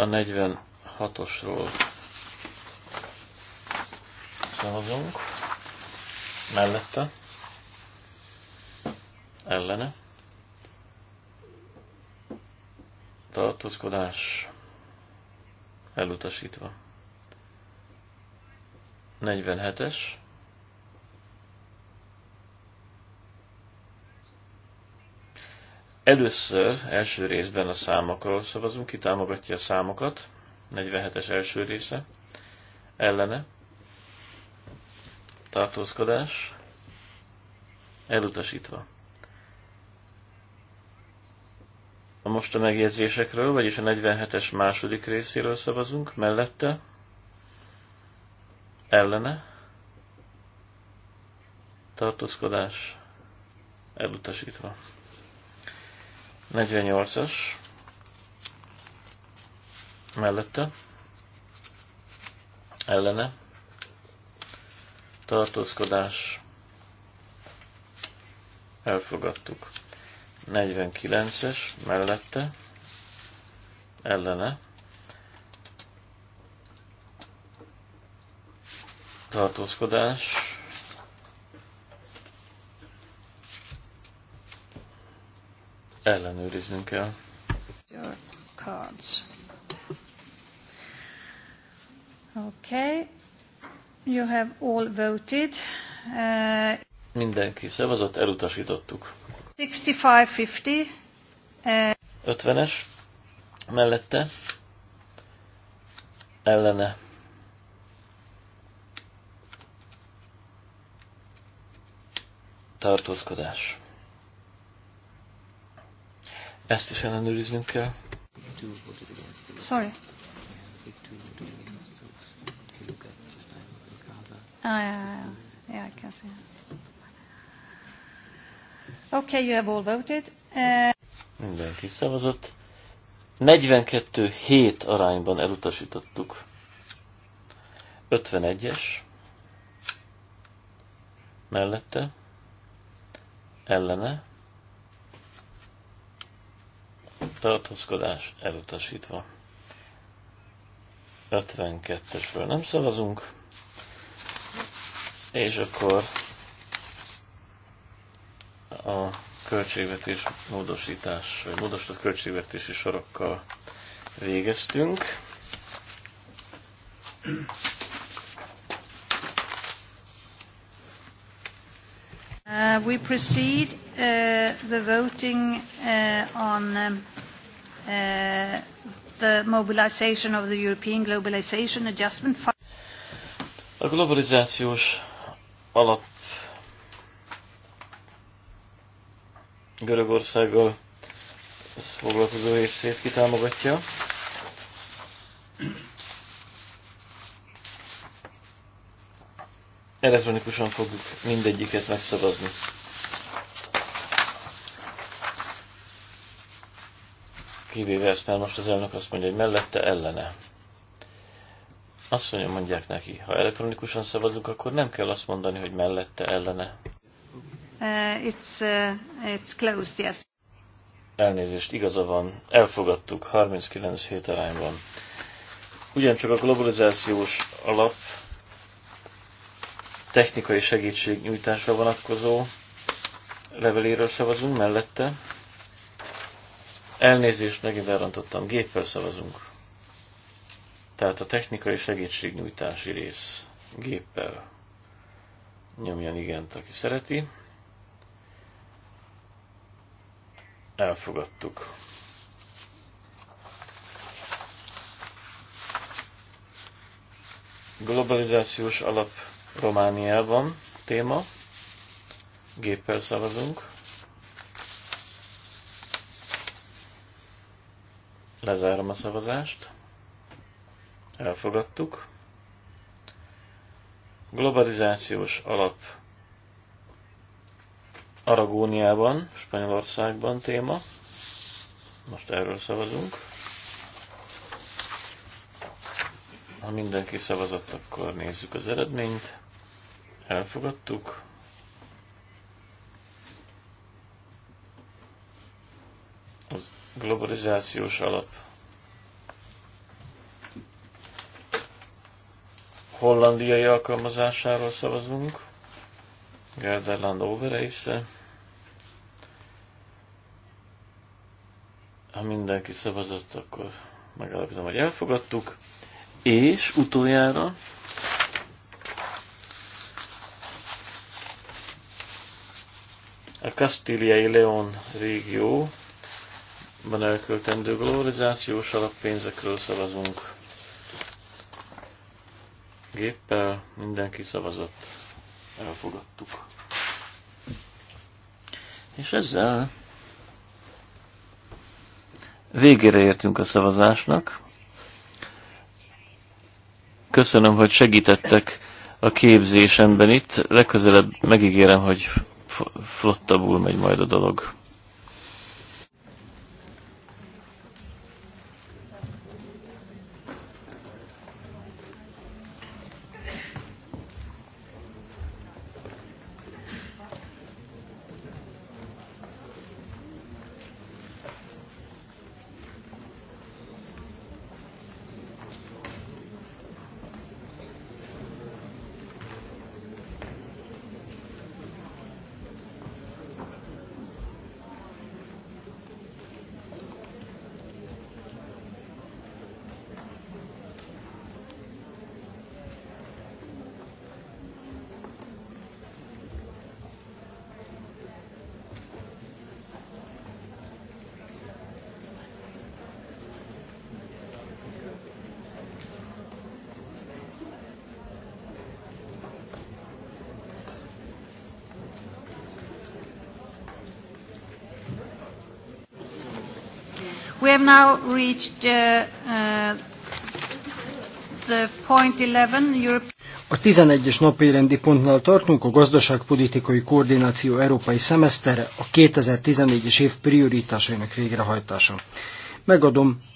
A 46-osról szavazunk. Mellette. Ellene. Tartózkodás elutasítva. 47-es Először, első részben a számokról szavazunk, ki támogatja a számokat, 47-es első része, ellene, tartózkodás, elutasítva. A most a megjegyzésekről, vagyis a 47-es második részéről szavazunk, mellette, ellene, tartózkodás, elutasítva. 48-as mellette ellene tartózkodás elfogadtuk. 49-es mellette ellene tartózkodás ellenőriznünk kell.
Your cards. Okay. You have all voted. Uh,
Mindenki szavazott, elutasítottuk.
65-50. Uh,
50-es mellette ellene. Tartózkodás. Ezt is ellenőriznünk kell.
Sorry. Ah, yeah, yeah, yeah, I can see. Okay, you have all voted. Uh...
Mindenki szavazott. 42-7 arányban elutasítottuk. 51-es mellette, ellene, tartózkodás elutasítva. 52-esről nem szavazunk, és akkor a költségvetés módosítás, vagy módosított költségvetési sorokkal végeztünk.
Uh, we proceed uh, the voting uh, on um, Uh, the mobilization of the European Globalization Adjustment Fund.
A globalizációs alap Görögországgal foglalkozó részét kitámogatja. Elektronikusan fogjuk mindegyiket megszavazni. kivéve ezt, mert most az elnök azt mondja, hogy mellette ellene. Azt mondja, mondják neki, ha elektronikusan szavazunk, akkor nem kell azt mondani, hogy mellette ellene.
Uh, it's, uh, it's closed, yes.
Elnézést, igaza van, elfogadtuk 39 hét arányban. Ugyancsak a globalizációs alap technikai segítségnyújtásra vonatkozó leveléről szavazunk mellette. Elnézést, megint elrontottam. Géppel szavazunk. Tehát a technikai segítségnyújtási rész géppel nyomjan igent, aki szereti. Elfogadtuk. Globalizációs alap Romániában téma. Géppel szavazunk. Lezárom a szavazást. Elfogadtuk. Globalizációs alap Aragóniában, Spanyolországban téma. Most erről szavazunk. Ha mindenki szavazott, akkor nézzük az eredményt. Elfogadtuk. Az globalizációs alap. Hollandiai alkalmazásáról szavazunk. Gerderland Overeisse. Ha mindenki szavazott, akkor megállapítom, hogy elfogadtuk. És utoljára a Kastíliai Leon régió ban elköltendő globalizációs alappénzekről szavazunk. Géppel mindenki szavazott. Elfogadtuk. És ezzel végére értünk a szavazásnak. Köszönöm, hogy segítettek a képzésemben itt. Legközelebb megígérem, hogy flottabbul megy majd a dolog.
reached uh, uh, the point 11,
A 11-es napi rendi pontnál tartunk, a gazdaságpolitikai koordináció európai szemesztere a 2014-es év prioritásainak végrehajtása. Megadom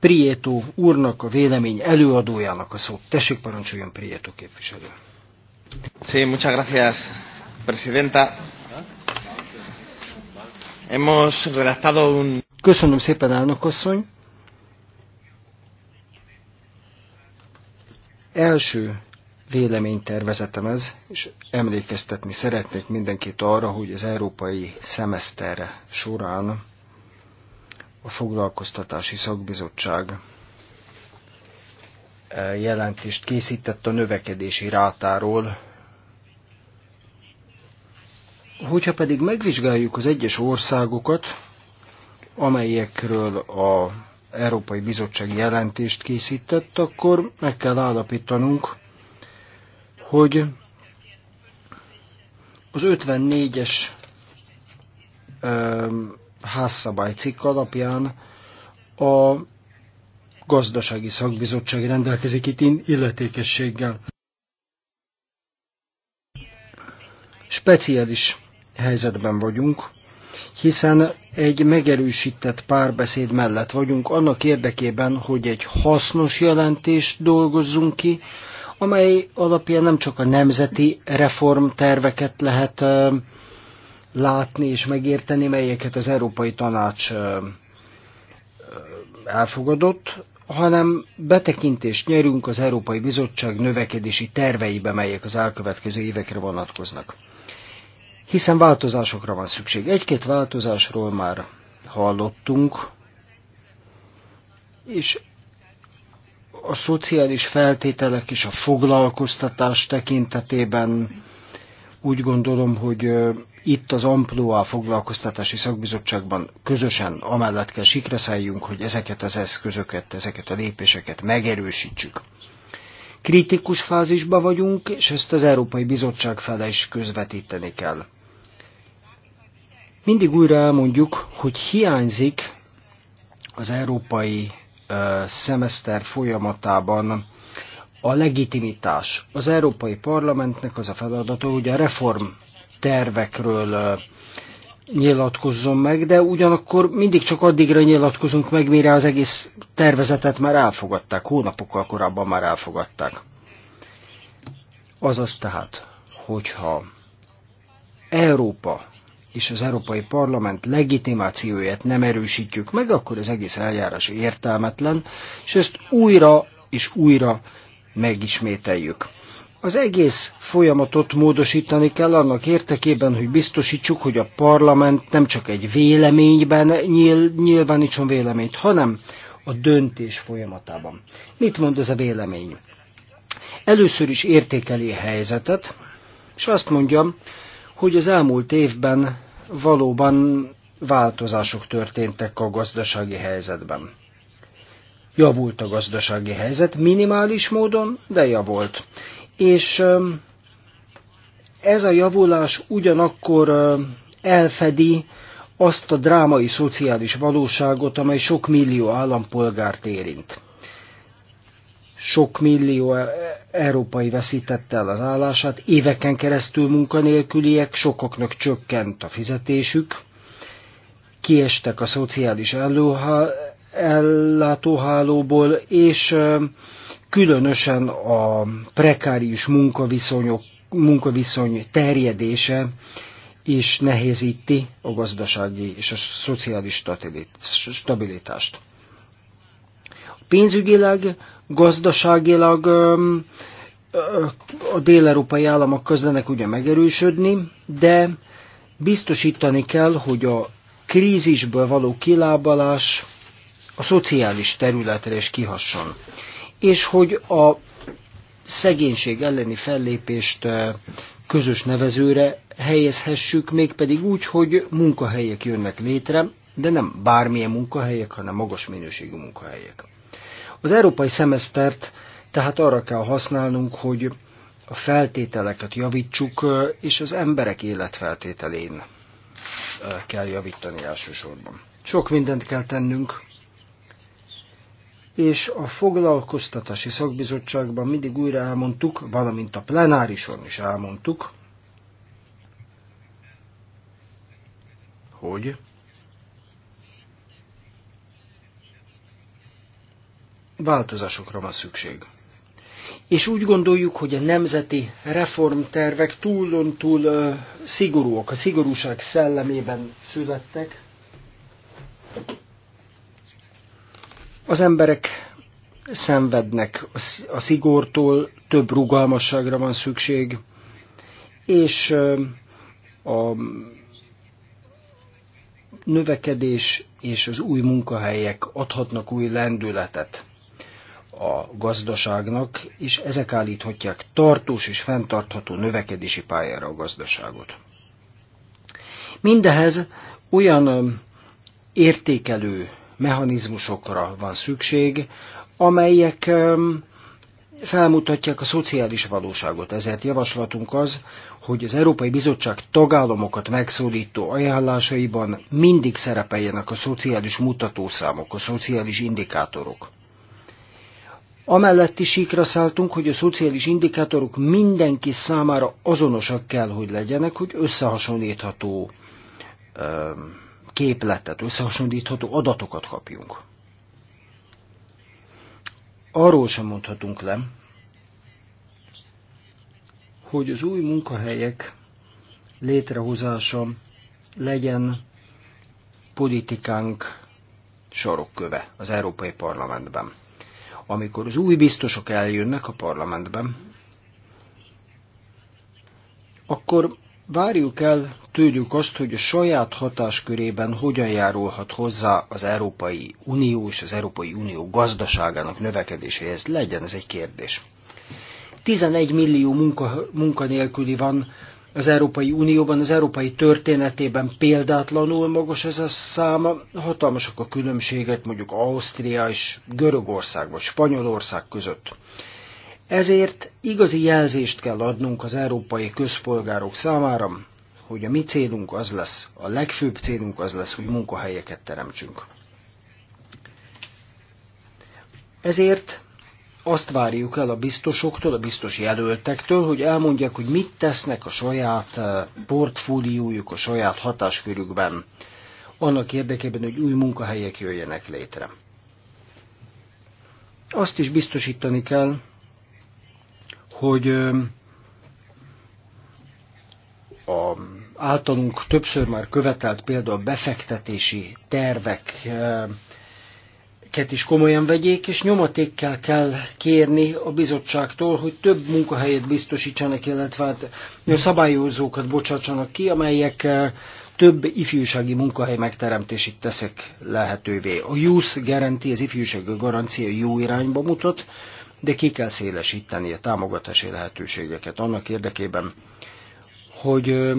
Prieto úrnak, a vélemény előadójának a szót. Tessék, parancsoljon Prieto képviselő. Sí, muchas gracias, presidenta. Hemos redactado un... Köszönöm szépen, elnök asszony. Első véleménytervezetem ez, és emlékeztetni szeretnék mindenkit arra, hogy az európai szemeszter során a foglalkoztatási szakbizottság e, jelentést készített a növekedési rátáról. Hogyha pedig megvizsgáljuk az egyes országokat, amelyekről a Európai Bizottság jelentést készített, akkor meg kell állapítanunk, hogy az 54-es házszabálycikk alapján a gazdasági szakbizottság rendelkezik itt illetékességgel. Speciális helyzetben vagyunk, hiszen egy megerősített párbeszéd mellett vagyunk annak érdekében, hogy egy hasznos jelentést dolgozzunk ki, amely alapján nem csak a nemzeti reformterveket lehet látni és megérteni, melyeket az Európai Tanács elfogadott, hanem betekintést nyerünk az Európai Bizottság növekedési terveibe, melyek az elkövetkező évekre vonatkoznak hiszen változásokra van szükség. Egy-két változásról már hallottunk, és a szociális feltételek és a foglalkoztatás tekintetében úgy gondolom, hogy itt az Amploa foglalkoztatási szakbizottságban közösen amellett kell sikre szálljunk, hogy ezeket az eszközöket, ezeket a lépéseket megerősítsük. Kritikus fázisba vagyunk, és ezt az Európai Bizottság fele is közvetíteni kell. Mindig újra elmondjuk, hogy hiányzik az európai szemeszter folyamatában a legitimitás. Az Európai Parlamentnek az a feladata, hogy a reform tervekről nyilatkozzon meg, de ugyanakkor mindig csak addigra nyilatkozunk meg, mire az egész tervezetet már elfogadták, hónapokkal korábban már elfogadták. Azaz tehát, hogyha Európa és az Európai Parlament legitimációját nem erősítjük meg, akkor az egész eljárás értelmetlen, és ezt újra és újra megismételjük. Az egész folyamatot módosítani kell annak értekében, hogy biztosítsuk, hogy a parlament nem csak egy véleményben nyil, nyilvánítson véleményt, hanem a döntés folyamatában. Mit mond ez a vélemény? Először is értékeli a helyzetet, és azt mondja hogy az elmúlt évben valóban változások történtek a gazdasági helyzetben. Javult a gazdasági helyzet minimális módon, de javult. És ez a javulás ugyanakkor elfedi azt a drámai szociális valóságot, amely sok millió állampolgárt érint sok millió e- európai veszítette el az állását, éveken keresztül munkanélküliek, sokaknak csökkent a fizetésük, kiestek a szociális ellátóhálóból, és e, különösen a prekárius munkaviszonyok, munkaviszony terjedése is nehézíti a gazdasági és a szociális stabilitást pénzügyileg, gazdaságilag a dél-európai államok közlenek ugye megerősödni, de biztosítani kell, hogy a krízisből való kilábalás a szociális területre is kihasson. És hogy a szegénység elleni fellépést közös nevezőre helyezhessük, mégpedig úgy, hogy munkahelyek jönnek létre, de nem bármilyen munkahelyek, hanem magas minőségű munkahelyek. Az európai szemesztert tehát arra kell használnunk, hogy a feltételeket javítsuk, és az emberek életfeltételén kell javítani elsősorban. Sok mindent kell tennünk, és a foglalkoztatási szakbizottságban mindig újra elmondtuk, valamint a plenárison is elmondtuk, hogy változásokra van szükség. És úgy gondoljuk, hogy a nemzeti reformtervek túlon túl uh, szigorúak, a szigorúság szellemében születtek. Az emberek szenvednek a szigortól, több rugalmasságra van szükség, és uh, a növekedés és az új munkahelyek adhatnak új lendületet a gazdaságnak, és ezek állíthatják tartós és fenntartható növekedési pályára a gazdaságot. Mindehez olyan értékelő mechanizmusokra van szükség, amelyek felmutatják a szociális valóságot. Ezért javaslatunk az, hogy az Európai Bizottság tagállamokat megszólító ajánlásaiban mindig szerepeljenek a szociális mutatószámok, a szociális indikátorok. Amellett is síkra szálltunk, hogy a szociális indikátorok mindenki számára azonosak kell, hogy legyenek, hogy összehasonlítható képletet, összehasonlítható adatokat kapjunk. Arról sem mondhatunk le, hogy az új munkahelyek létrehozása legyen politikánk sarokköve az Európai Parlamentben amikor az új biztosok eljönnek a parlamentben, akkor várjuk el tőlük azt, hogy a saját hatáskörében hogyan járulhat hozzá az Európai Unió és az Európai Unió gazdaságának növekedéséhez. Legyen ez egy kérdés. 11 millió munka, munkanélküli van, az Európai Unióban, az európai történetében példátlanul magas ez a száma. Hatalmasak a különbségek mondjuk Ausztria és Görögország vagy Spanyolország között. Ezért igazi jelzést kell adnunk az európai közpolgárok számára, hogy a mi célunk az lesz, a legfőbb célunk az lesz, hogy munkahelyeket teremtsünk. Ezért azt várjuk el a biztosoktól, a biztos jelöltektől, hogy elmondják, hogy mit tesznek a saját eh, portfóliójuk, a saját hatáskörükben, annak érdekében, hogy új munkahelyek jöjjenek létre. Azt is biztosítani kell, hogy eh, a általunk többször már követelt például befektetési tervek eh, ezeket is komolyan vegyék, és nyomatékkel kell kérni a bizottságtól, hogy több munkahelyet biztosítsanak, illetve hát szabályozókat bocsátsanak ki, amelyek eh, több ifjúsági munkahely megteremtését teszek lehetővé. A Youth Guarantee, az ifjúsági garancia jó irányba mutat, de ki kell szélesíteni a támogatási lehetőségeket annak érdekében, hogy eh,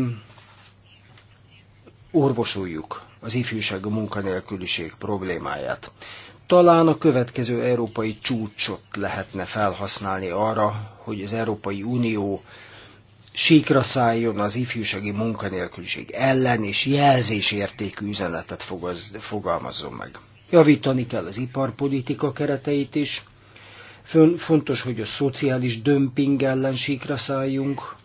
orvosoljuk az ifjúsági munkanélküliség problémáját talán a következő európai csúcsot lehetne felhasználni arra, hogy az Európai Unió síkra szálljon az ifjúsági munkanélküliség ellen, és jelzésértékű üzenetet fogalmazzon meg. Javítani kell az iparpolitika kereteit is, Fön, fontos, hogy a szociális dömping ellen síkra szálljunk,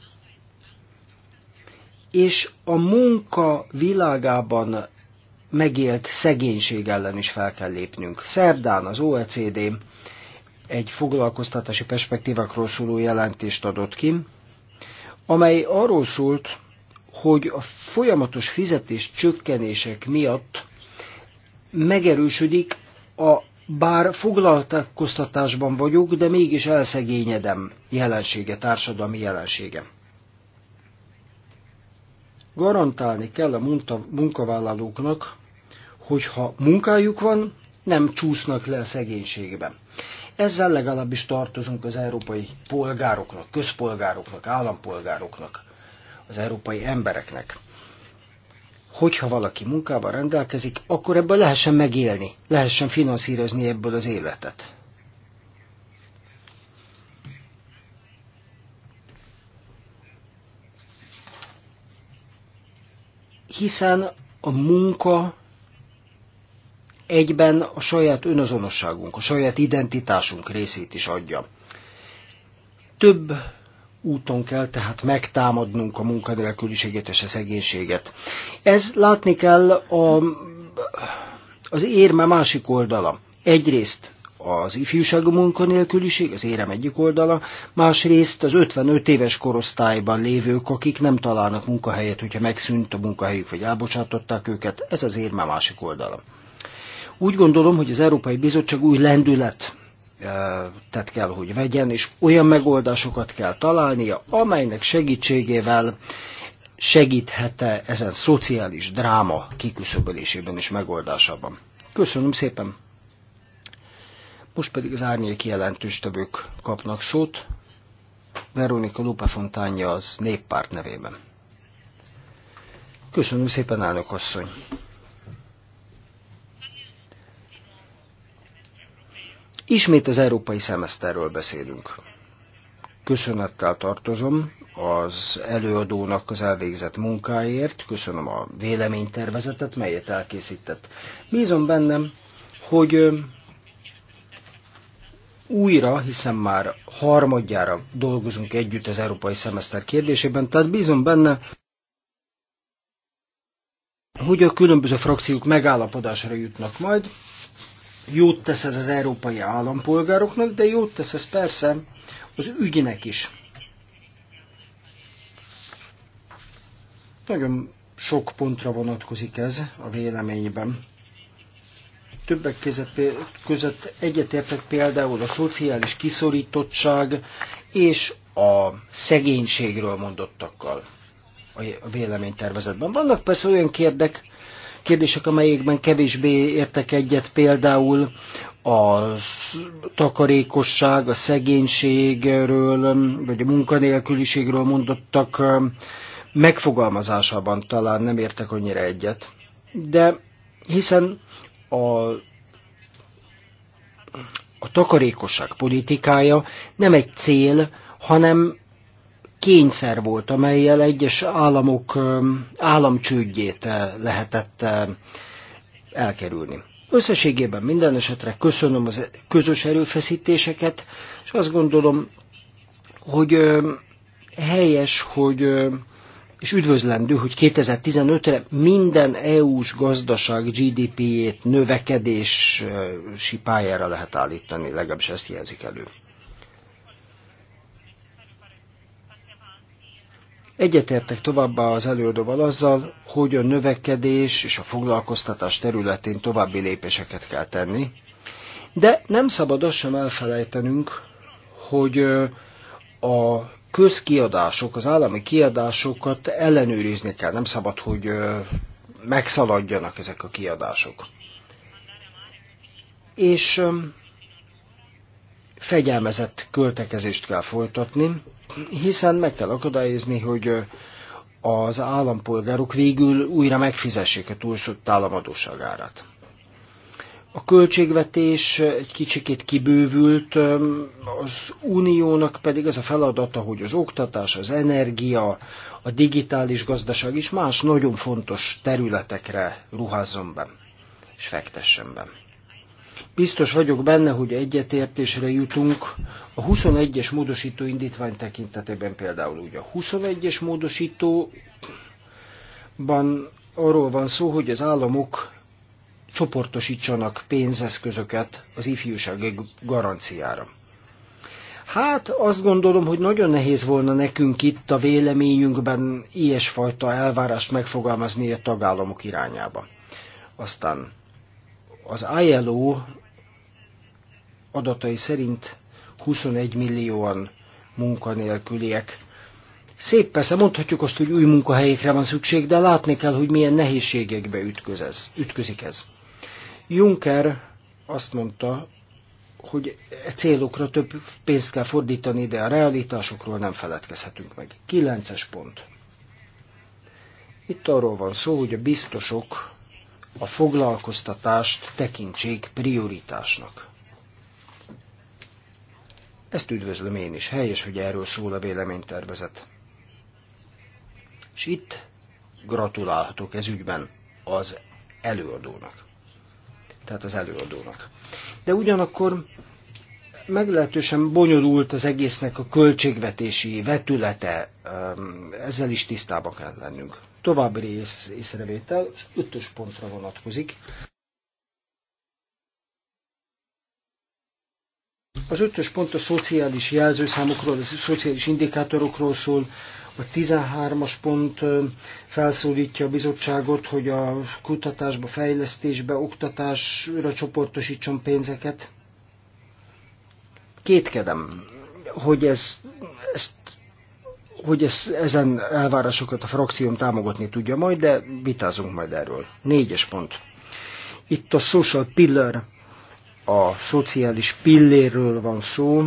és a munka világában megélt szegénység ellen is fel kell lépnünk. Szerdán az OECD egy foglalkoztatási perspektívakról szóló jelentést adott ki, amely arról szólt, hogy a folyamatos fizetés csökkenések miatt megerősödik a bár foglalkoztatásban vagyok, de mégis elszegényedem jelensége, társadalmi jelensége. Garantálni kell a munkavállalóknak, hogyha munkájuk van, nem csúsznak le a szegénységbe. Ezzel legalábbis tartozunk az európai polgároknak, közpolgároknak, állampolgároknak, az európai embereknek. Hogyha valaki munkával rendelkezik, akkor ebből lehessen megélni, lehessen finanszírozni ebből az életet. hiszen a munka egyben a saját önazonosságunk, a saját identitásunk részét is adja. Több úton kell tehát megtámadnunk a munkanélküliséget és a szegénységet. Ez látni kell a, az érme másik oldala. Egyrészt az ifjúság munkanélküliség, az érem egyik oldala, másrészt az 55 éves korosztályban lévők, akik nem találnak munkahelyet, hogyha megszűnt a munkahelyük, vagy elbocsátották őket, ez az érme másik oldala. Úgy gondolom, hogy az Európai Bizottság új lendület e, tehát kell, hogy vegyen, és olyan megoldásokat kell találnia, amelynek segítségével segíthete ezen szociális dráma kiküszöbölésében és megoldásában. Köszönöm szépen! Most pedig az árnyék jelentős tövők kapnak szót. Veronika Lupe az néppárt nevében. Köszönöm szépen, elnök asszony! Ismét az európai szemeszterről beszélünk. Köszönettel tartozom az előadónak az elvégzett munkáért, köszönöm a véleménytervezetet, melyet elkészített. Bízom bennem, hogy újra, hiszen már harmadjára dolgozunk együtt az európai szemeszter kérdésében, tehát bízom benne, hogy a különböző frakciók megállapodásra jutnak majd. Jót tesz ez az európai állampolgároknak, de jót tesz ez persze az ügynek is. Nagyon sok pontra vonatkozik ez a véleményben többek között egyetértek például a szociális kiszorítottság és a szegénységről mondottakkal a véleménytervezetben. Vannak persze olyan kérdek, kérdések, amelyekben kevésbé értek egyet, például a takarékosság, a szegénységről, vagy a munkanélküliségről mondottak megfogalmazásában talán nem értek annyira egyet. De hiszen a, a takarékosság politikája nem egy cél, hanem kényszer volt, amelyel egyes államok államcsődjét lehetett elkerülni. Összességében minden esetre köszönöm az közös erőfeszítéseket, és azt gondolom, hogy helyes, hogy és üdvözlendő, hogy 2015-re minden EU-s gazdaság GDP-jét növekedési pályára lehet állítani, legalábbis ezt jelzik elő. Egyetértek továbbá az előadóval azzal, hogy a növekedés és a foglalkoztatás területén további lépéseket kell tenni, de nem szabad azt sem elfelejtenünk, hogy a közkiadások, az állami kiadásokat ellenőrizni kell, nem szabad, hogy megszaladjanak ezek a kiadások. És fegyelmezett költekezést kell folytatni, hiszen meg kell akadályozni, hogy az állampolgárok végül újra megfizessék a túlszott államadóságárat. A költségvetés egy kicsikét kibővült, az uniónak pedig az a feladata, hogy az oktatás, az energia, a digitális gazdaság is más nagyon fontos területekre ruházzon be, és fektessen be. Biztos vagyok benne, hogy egyetértésre jutunk a 21-es módosító indítvány tekintetében például ugye a 21-es módosítóban arról van szó, hogy az államok csoportosítsanak pénzeszközöket az ifjúsági garanciára. Hát azt gondolom, hogy nagyon nehéz volna nekünk itt a véleményünkben ilyesfajta elvárást megfogalmazni a tagállamok irányába. Aztán az ILO adatai szerint 21 millióan munkanélküliek. Szép persze mondhatjuk azt, hogy új munkahelyekre van szükség, de látni kell, hogy milyen nehézségekbe ütközik ez. Juncker azt mondta, hogy e célokra több pénzt kell fordítani, de a realitásokról nem feledkezhetünk meg. Kilences pont. Itt arról van szó, hogy a biztosok a foglalkoztatást tekintsék prioritásnak. Ezt üdvözlöm én is, helyes, hogy erről szól a véleménytervezet. És itt gratulálhatok ez ügyben az előadónak tehát az előadónak. De ugyanakkor meglehetősen bonyolult az egésznek a költségvetési vetülete, ezzel is tisztában kell lennünk. További rész észrevétel az ötös pontra vonatkozik. Az ötös pont a szociális jelzőszámokról, a szociális indikátorokról szól, a 13-as pont felszólítja a bizottságot, hogy a kutatásba, fejlesztésbe, oktatásra csoportosítson pénzeket. Kétkedem, hogy ez, ezt hogy ez, ezen elvárásokat a frakcióm támogatni tudja majd, de vitázunk majd erről. Négyes pont. Itt a social pillar, a szociális pillérről van szó,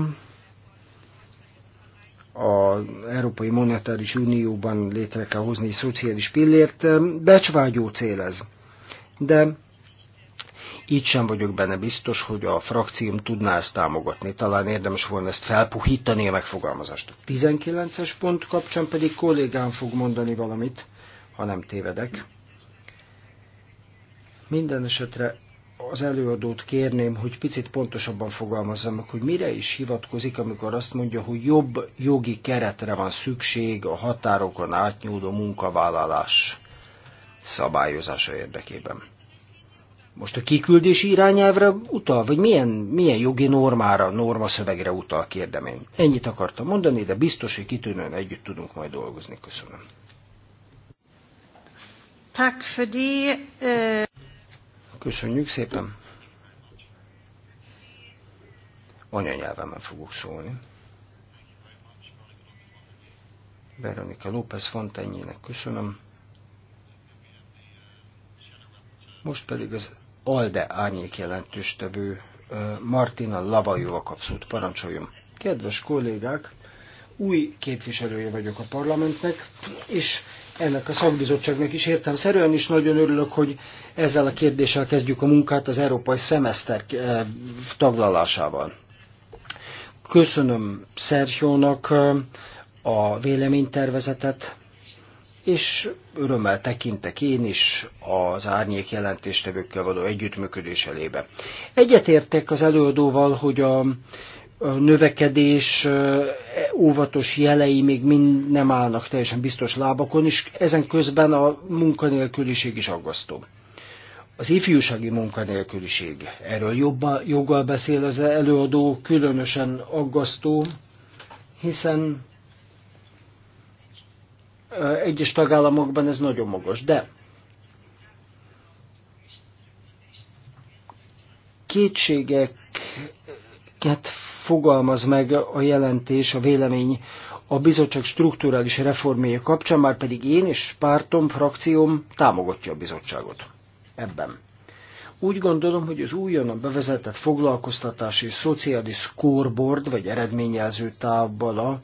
az Európai Monetáris Unióban létre kell hozni egy szociális pillért, becsvágyó cél ez. De így sem vagyok benne biztos, hogy a frakcióm tudná ezt támogatni. Talán érdemes volna ezt felpuhítani a megfogalmazást. 19-es pont kapcsán pedig kollégám fog mondani valamit, ha nem tévedek. Minden esetre az előadót kérném, hogy picit pontosabban fogalmazzam meg, hogy mire is hivatkozik, amikor azt mondja, hogy jobb jogi keretre van szükség a határokon átnyúló munkavállalás szabályozása érdekében. Most a kiküldési irányelvre utal, vagy milyen, milyen jogi normára, normaszövegre utal, kérdem én. Ennyit akartam mondani, de biztos, hogy kitűnően együtt tudunk majd dolgozni. Köszönöm.
Tack för det.
Köszönjük szépen. Anyanyelvemen fogok szólni. Veronika López Fontenyének köszönöm. Most pedig az ALDE árnyék tevő Martina Lavajova kapszót parancsoljon. Kedves kollégák, új képviselője vagyok a parlamentnek, és ennek a szakbizottságnak is értem szerűen, is nagyon örülök, hogy ezzel a kérdéssel kezdjük a munkát az európai szemeszter eh, taglalásával. Köszönöm Szerhiónak eh, a véleménytervezetet, és örömmel tekintek én is az árnyék jelentéstevőkkel való együttműködés elébe. Egyetértek az előadóval, hogy a növekedés óvatos jelei még mind nem állnak teljesen biztos lábakon, és ezen közben a munkanélküliség is aggasztó. Az ifjúsági munkanélküliség, erről jobban, joggal beszél az előadó, különösen aggasztó, hiszen egyes tagállamokban ez nagyon magas, de kétségeket fogalmaz meg a jelentés, a vélemény a bizottság strukturális reformja kapcsán, már pedig én és pártom, frakcióm támogatja a bizottságot ebben. Úgy gondolom, hogy az újonnan bevezetett foglalkoztatási szociális scoreboard vagy eredményjelző tábla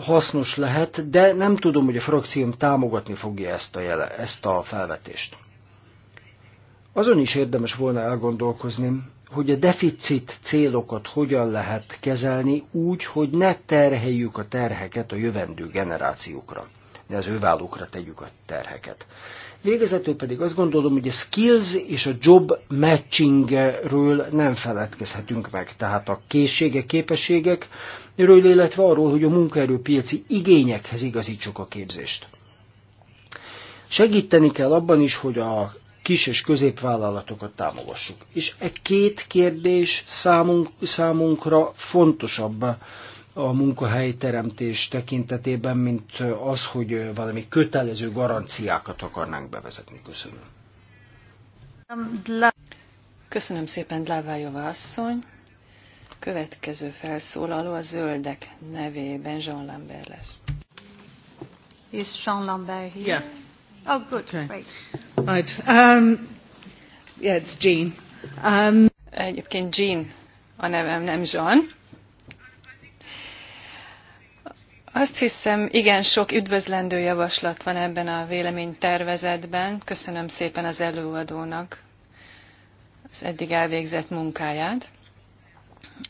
hasznos lehet, de nem tudom, hogy a frakcióm támogatni fogja ezt a, jele, ezt a felvetést. Azon is érdemes volna elgondolkozni, hogy a deficit célokat hogyan lehet kezelni úgy, hogy ne terheljük a terheket a jövendő generációkra, ne az ővállókra tegyük a terheket. Végezetül pedig azt gondolom, hogy a skills és a job matchingről nem feledkezhetünk meg, tehát a készségek, képességekről, illetve arról, hogy a munkaerőpiaci igényekhez igazítsuk a képzést. Segíteni kell abban is, hogy a kis és középvállalatokat támogassuk. És e két kérdés számunk, számunkra fontosabb a munkahely teremtés tekintetében, mint az, hogy valami kötelező garanciákat akarnánk bevezetni. Köszönöm.
Köszönöm szépen,
Dlávájova asszony. Következő felszólaló a zöldek nevében
Jean Lambert lesz. Is Jean Lambert here? Yeah. Oh, good. Okay. Great. Right. Um, yeah, it's Jean. Um,
Egyébként Jean a nevem, nem Jean. Azt hiszem, igen sok üdvözlendő javaslat van ebben a véleménytervezetben. Köszönöm szépen az előadónak az eddig elvégzett munkáját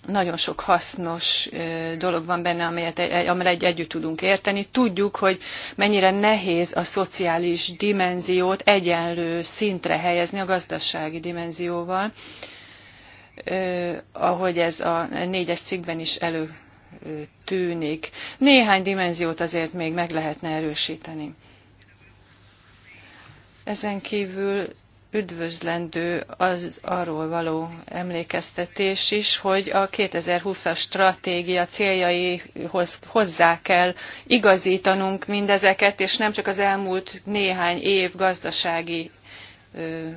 nagyon sok hasznos dolog van benne, amelyet, e, e, amelyet egy, együtt tudunk érteni. Tudjuk, hogy mennyire nehéz a szociális dimenziót egyenlő szintre helyezni a gazdasági dimenzióval, ahogy ez a négyes cikkben is elő tűnik. Néhány dimenziót azért még meg lehetne erősíteni. Ezen kívül üdvözlendő az arról való emlékeztetés is, hogy a 2020-as stratégia céljaihoz hozzá kell igazítanunk mindezeket, és nem csak az elmúlt néhány év gazdasági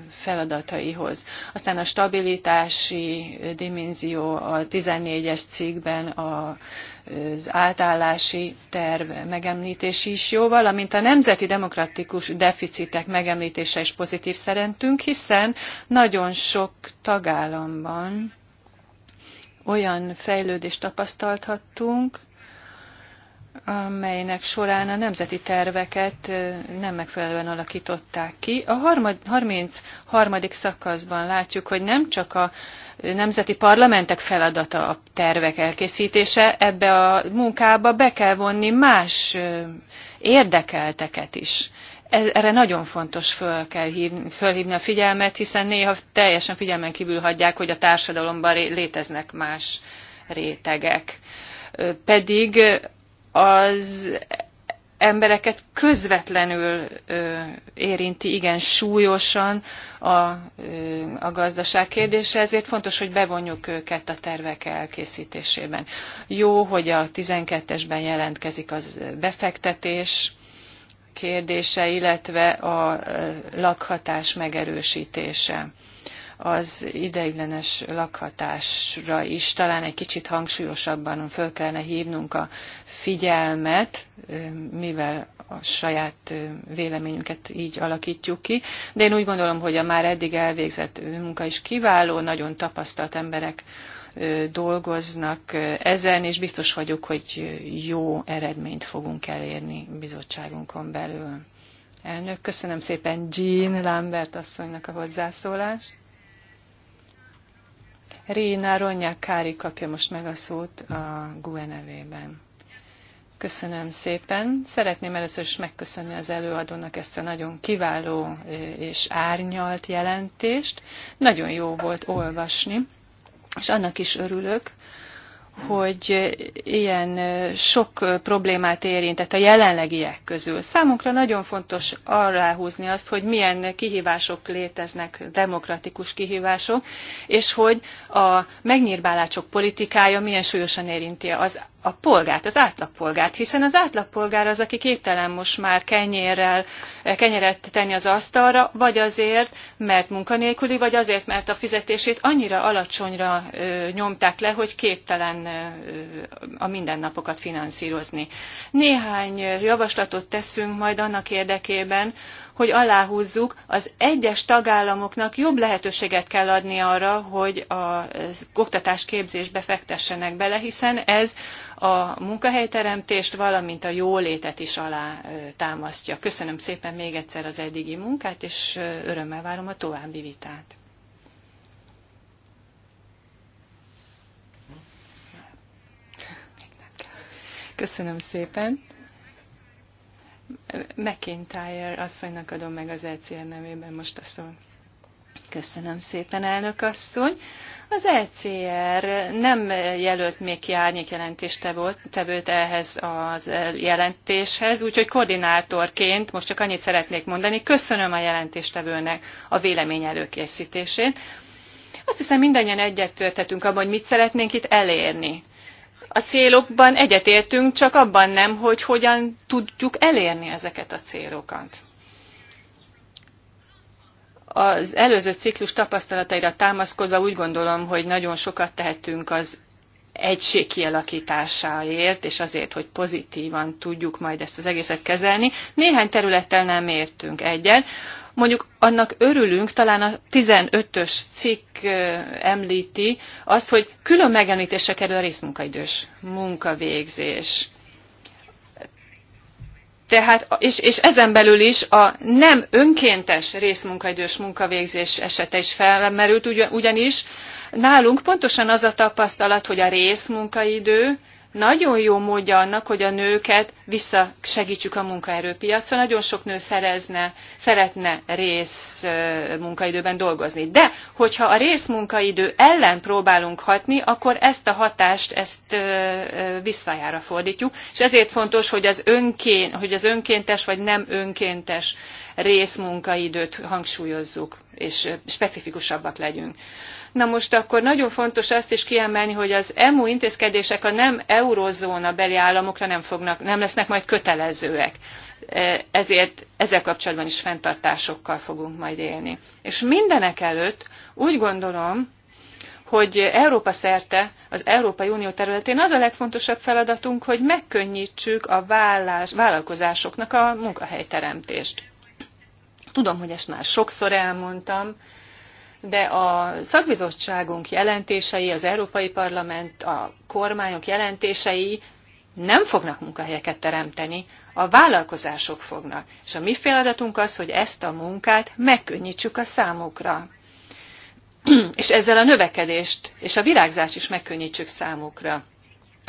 feladataihoz. Aztán a stabilitási dimenzió a 14-es cikkben az átállási terv megemlítési is jó, valamint a nemzeti demokratikus deficitek megemlítése is pozitív szerintünk, hiszen nagyon sok tagállamban olyan fejlődést tapasztalhattunk, amelynek során a nemzeti terveket nem megfelelően alakították ki. A harmad, 33. szakaszban látjuk, hogy nem csak a nemzeti parlamentek feladata a tervek elkészítése, ebbe a munkába be kell vonni más érdekelteket is. E, erre nagyon fontos föl kell hívni, fölhívni a figyelmet, hiszen néha teljesen figyelmen kívül hagyják, hogy a társadalomban léteznek más rétegek pedig az embereket közvetlenül ö, érinti igen súlyosan a, ö, a gazdaság kérdése, ezért fontos, hogy bevonjuk őket a tervek elkészítésében. Jó, hogy a 12-esben jelentkezik az befektetés kérdése, illetve a lakhatás megerősítése az ideiglenes lakhatásra is talán egy kicsit hangsúlyosabban föl kellene hívnunk a figyelmet, mivel a saját véleményünket így alakítjuk ki. De én úgy gondolom, hogy a már eddig elvégzett munka is kiváló, nagyon tapasztalt emberek dolgoznak ezen, és biztos vagyok, hogy jó eredményt fogunk elérni bizottságunkon belül. Elnök, köszönöm szépen Jean Lambert asszonynak a hozzászólást. Rina Ronja Kári kapja most meg a szót a GUE nevében. Köszönöm szépen. Szeretném először is megköszönni az előadónak ezt a nagyon kiváló és árnyalt jelentést. Nagyon jó volt olvasni, és annak is örülök, hogy ilyen sok problémát érintett a jelenlegiek közül. Számunkra nagyon fontos aláhúzni azt, hogy milyen kihívások léteznek, demokratikus kihívások, és hogy a megnyírbálások politikája milyen súlyosan érinti az a polgárt, az átlagpolgárt, hiszen az átlagpolgár az, aki képtelen most már kenyérrel, kenyeret tenni az asztalra, vagy azért, mert munkanélküli, vagy azért, mert a fizetését annyira alacsonyra ö, nyomták le, hogy képtelen ö, a mindennapokat finanszírozni. Néhány javaslatot teszünk majd annak érdekében, hogy aláhúzzuk, az egyes tagállamoknak jobb lehetőséget kell adni arra, hogy az oktatás képzésbe fektessenek bele, hiszen ez a munkahelyteremtést, valamint a jólétet is alá támasztja. Köszönöm szépen még egyszer az eddigi munkát, és örömmel várom a további vitát. Köszönöm szépen. McIntyre asszonynak adom meg az ECR nevében most a szót. Köszönöm szépen, elnök asszony. Az ECR nem jelölt még ki tevőt ehhez az jelentéshez, úgyhogy koordinátorként most csak annyit szeretnék mondani, köszönöm a jelentéstevőnek a vélemény előkészítését. Azt hiszem mindannyian egyetérthetünk abban, hogy mit szeretnénk itt elérni a célokban egyetértünk, csak abban nem, hogy hogyan tudjuk elérni ezeket a célokat. Az előző ciklus tapasztalataira támaszkodva úgy gondolom, hogy nagyon sokat tehetünk az egység kialakításáért, és azért, hogy pozitívan tudjuk majd ezt az egészet kezelni. Néhány területtel nem értünk egyet. Mondjuk annak örülünk, talán a 15-ös cikk említi azt, hogy külön megemlítése kerül a részmunkaidős munkavégzés. Tehát, és, és ezen belül is a nem önkéntes részmunkaidős munkavégzés esete is felmerült, ugyanis nálunk pontosan az a tapasztalat, hogy a részmunkaidő nagyon jó módja annak, hogy a nőket visszasegítsük a munkaerőpiacra. Nagyon sok nő szerezne, szeretne rész munkaidőben dolgozni. De hogyha a rész munkaidő ellen próbálunk hatni, akkor ezt a hatást, ezt visszajára fordítjuk. És ezért fontos, hogy az, önkén, hogy az önkéntes vagy nem önkéntes részmunkaidőt hangsúlyozzuk, és specifikusabbak legyünk. Na most akkor nagyon fontos azt is kiemelni, hogy az EMU intézkedések a nem eurozóna beli államokra nem, fognak, nem lesznek majd kötelezőek. E, ezért ezzel kapcsolatban is fenntartásokkal fogunk majd élni. És mindenek előtt úgy gondolom, hogy Európa szerte, az Európai Unió területén az a legfontosabb feladatunk, hogy megkönnyítsük a vállás, vállalkozásoknak a munkahelyteremtést. Tudom, hogy ezt már sokszor elmondtam, de a szakbizottságunk jelentései, az Európai Parlament, a kormányok jelentései nem fognak munkahelyeket teremteni, a vállalkozások fognak. És a mi feladatunk az, hogy ezt a munkát megkönnyítsük a számukra. és ezzel a növekedést és a virágzást is megkönnyítsük számukra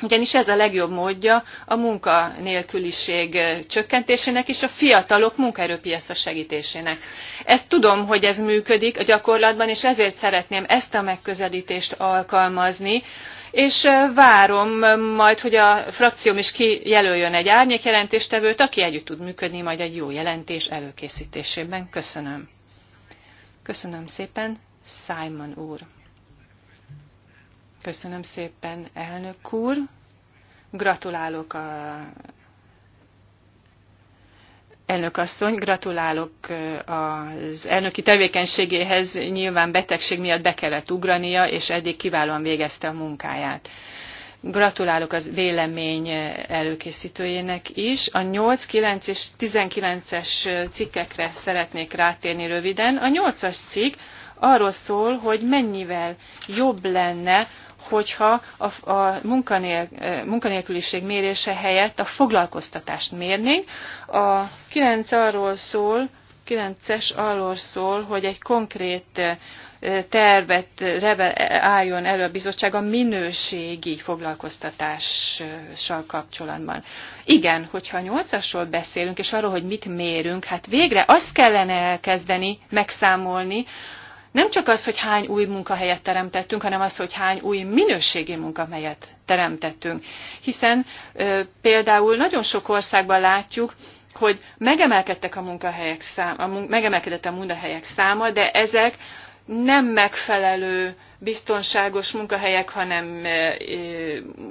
ugyanis ez a legjobb módja a munkanélküliség csökkentésének és a fiatalok munkaerőpiaca segítésének. Ezt tudom, hogy ez működik a gyakorlatban, és ezért szeretném ezt a megközelítést alkalmazni, és várom majd, hogy a frakcióm is kijelöljön egy árnyékjelentéstevőt, aki együtt tud működni majd egy jó jelentés előkészítésében. Köszönöm. Köszönöm szépen, Simon úr. Köszönöm szépen, elnök úr. Gratulálok a Elnök asszony, gratulálok az elnöki tevékenységéhez. Nyilván betegség miatt be kellett ugrania, és eddig kiválóan végezte a munkáját. Gratulálok az vélemény előkészítőjének is. A 8, 9 és 19-es cikkekre szeretnék rátérni röviden. A 8-as cikk arról szól, hogy mennyivel jobb lenne hogyha a, a munkanél, eh, munkanélküliség mérése helyett a foglalkoztatást mérnénk. A 9 arról szól, 9-es arról szól, hogy egy konkrét eh, tervet álljon elő a bizottság a minőségi foglalkoztatással kapcsolatban. Igen, hogyha nyolcasról beszélünk, és arról, hogy mit mérünk, hát végre azt kellene elkezdeni megszámolni, nem csak az, hogy hány új munkahelyet teremtettünk, hanem az, hogy hány új minőségi munkahelyet teremtettünk. Hiszen ö, például nagyon sok országban látjuk, hogy megemelkedtek a munkahelyek száma, a mun- megemelkedett a munkahelyek száma, de ezek nem megfelelő biztonságos munkahelyek, hanem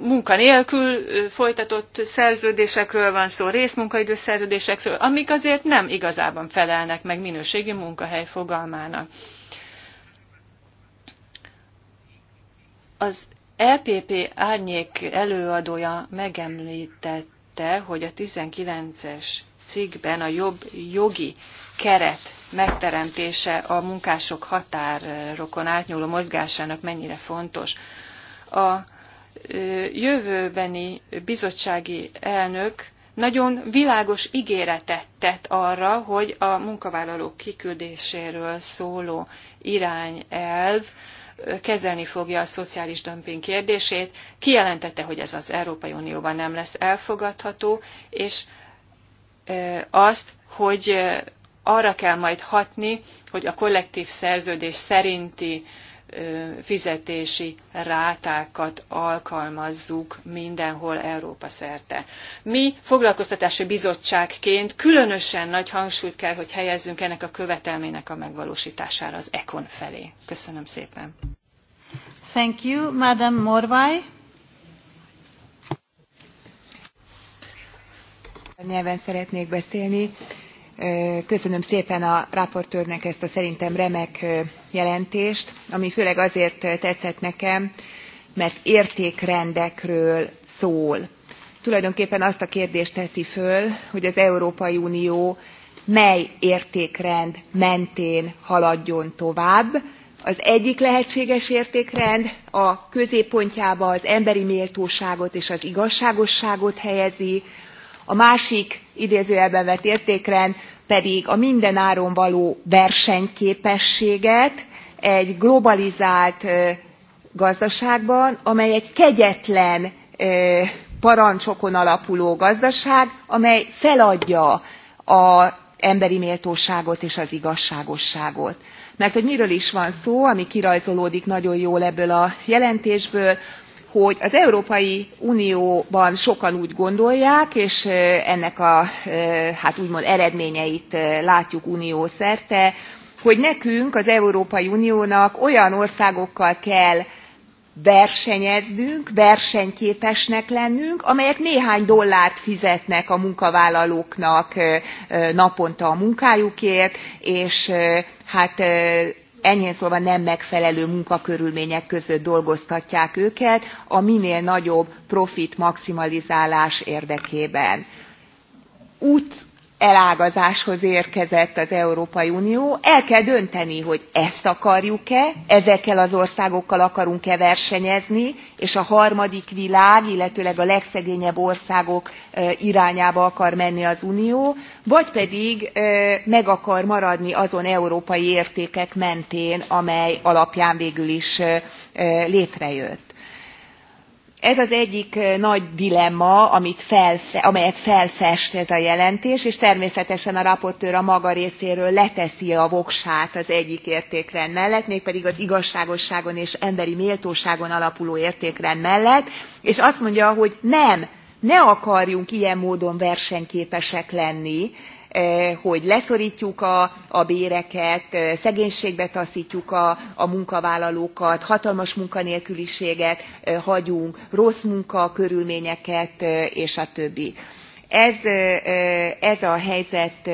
munkanélkül folytatott szerződésekről van szó, részmunkaidős szerződésekről, amik azért nem igazában felelnek meg minőségi munkahely fogalmának. Az LPP e árnyék előadója megemlítette, hogy a 19-es cikkben a jobb jogi keret megteremtése a munkások határokon átnyúló mozgásának mennyire fontos. A jövőbeni bizottsági elnök nagyon világos ígéretet tett arra, hogy a munkavállalók kiküldéséről szóló irányelv kezelni fogja a szociális dömping kérdését, kijelentette, hogy ez az Európai Unióban nem lesz elfogadható, és azt, hogy arra kell majd hatni, hogy a kollektív szerződés szerinti fizetési rátákat alkalmazzuk mindenhol Európa szerte. Mi foglalkoztatási bizottságként különösen nagy hangsúlyt kell, hogy helyezzünk ennek a követelménynek a megvalósítására az ECON felé. Köszönöm szépen.
Thank you, Madam Morvai. Nyelven szeretnék beszélni. Köszönöm szépen a raportőrnek ezt a szerintem remek jelentést ami főleg azért tetszett nekem mert értékrendekről szól. tulajdonképpen azt a kérdést teszi föl hogy az európai unió mely értékrend mentén haladjon tovább. az egyik lehetséges értékrend a középpontjába az emberi méltóságot és az igazságosságot helyezi a másik idézőjelben vett értékrend pedig a mindenáron való versenyképességet egy globalizált gazdaságban amely egy kegyetlen parancsokon alapuló gazdaság amely feladja az emberi méltóságot és az igazságosságot. mert hogy miről is van szó ami kirajzolódik nagyon jól ebből a jelentésből hogy az európai unióban sokan úgy gondolják és ennek a hát úgymond eredményeit látjuk uniószerte hogy nekünk az európai uniónak olyan országokkal kell versenyeznünk versenyképesnek lennünk amelyek néhány dollárt fizetnek a munkavállalóknak naponta a munkájukért és hát enyhén szólva nem megfelelő munkakörülmények között dolgoztatják őket a minél nagyobb profit maximalizálás érdekében. út elágazáshoz érkezett az európai unió el kell dönteni hogy ezt akarjuk e ezekkel az országokkal akarunk e versenyezni és a harmadik világ illetőleg a legszegényebb országok irányába akar menni az unió vagy pedig meg akar maradni azon európai értékek mentén amely alapján végül is létrejött ez az egyik nagy dilemma amit felfe, amelyet felfest ez a jelentés és természetesen a raportőr a maga részéről leteszi a voksát az egyik értékrend mellett mégpedig az igazságosságon és emberi méltóságon alapuló értékrend mellett és azt mondja hogy nem ne akarjunk ilyen módon versenyképesek lenni hogy leszortjuk a, béreket szegénységbe tasztjuk a, munkavállalókat hatalmas munkanélküliséget hagyunk rossz munkakörülményeket és a többi. Ez, ez a helyzet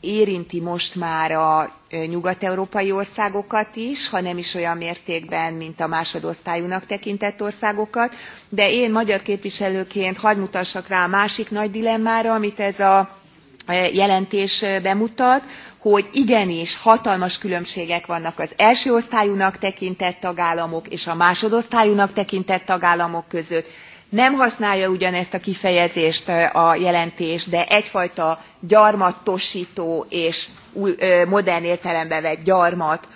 érinti most már a nyugat európai országokat is ha nem is olyan mértékben mint a másodosztályúnak tekintett országokat de én magyar képviselőként hadd mutassak rá a másik nagy dilemmára amit ez a jelentés bemutat hogy igenis hatalmas különbségek vannak az első osztályúnak tekintett tagállamok és a másodosztályúnak tekintett tagállamok között nem használja ugyanezt a kifejezést a jelentés de egyfajta gyarmatosító és modern értelembe vett gyarmat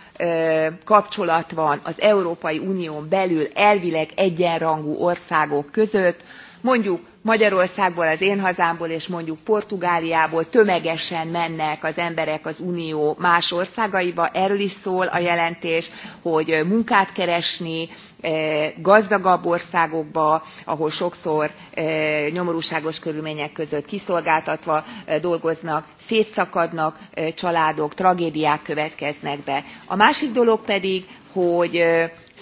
kapcsolat van az európai unión belül elvileg egyenrangú országok között mondjuk magyarországból az én hazámból és mondjuk portugáliából tömegesen mennek az emberek az unió más országaiba erről is szól a jelentés hogy munkát keresni eh, gazdagabb országokba ahol sokszor eh, nyomorúságos körülmények között kiszolgáltatva eh, dolgoznak szétszakadnak családok tragédiák következnek be. a másik dolog pedig hogy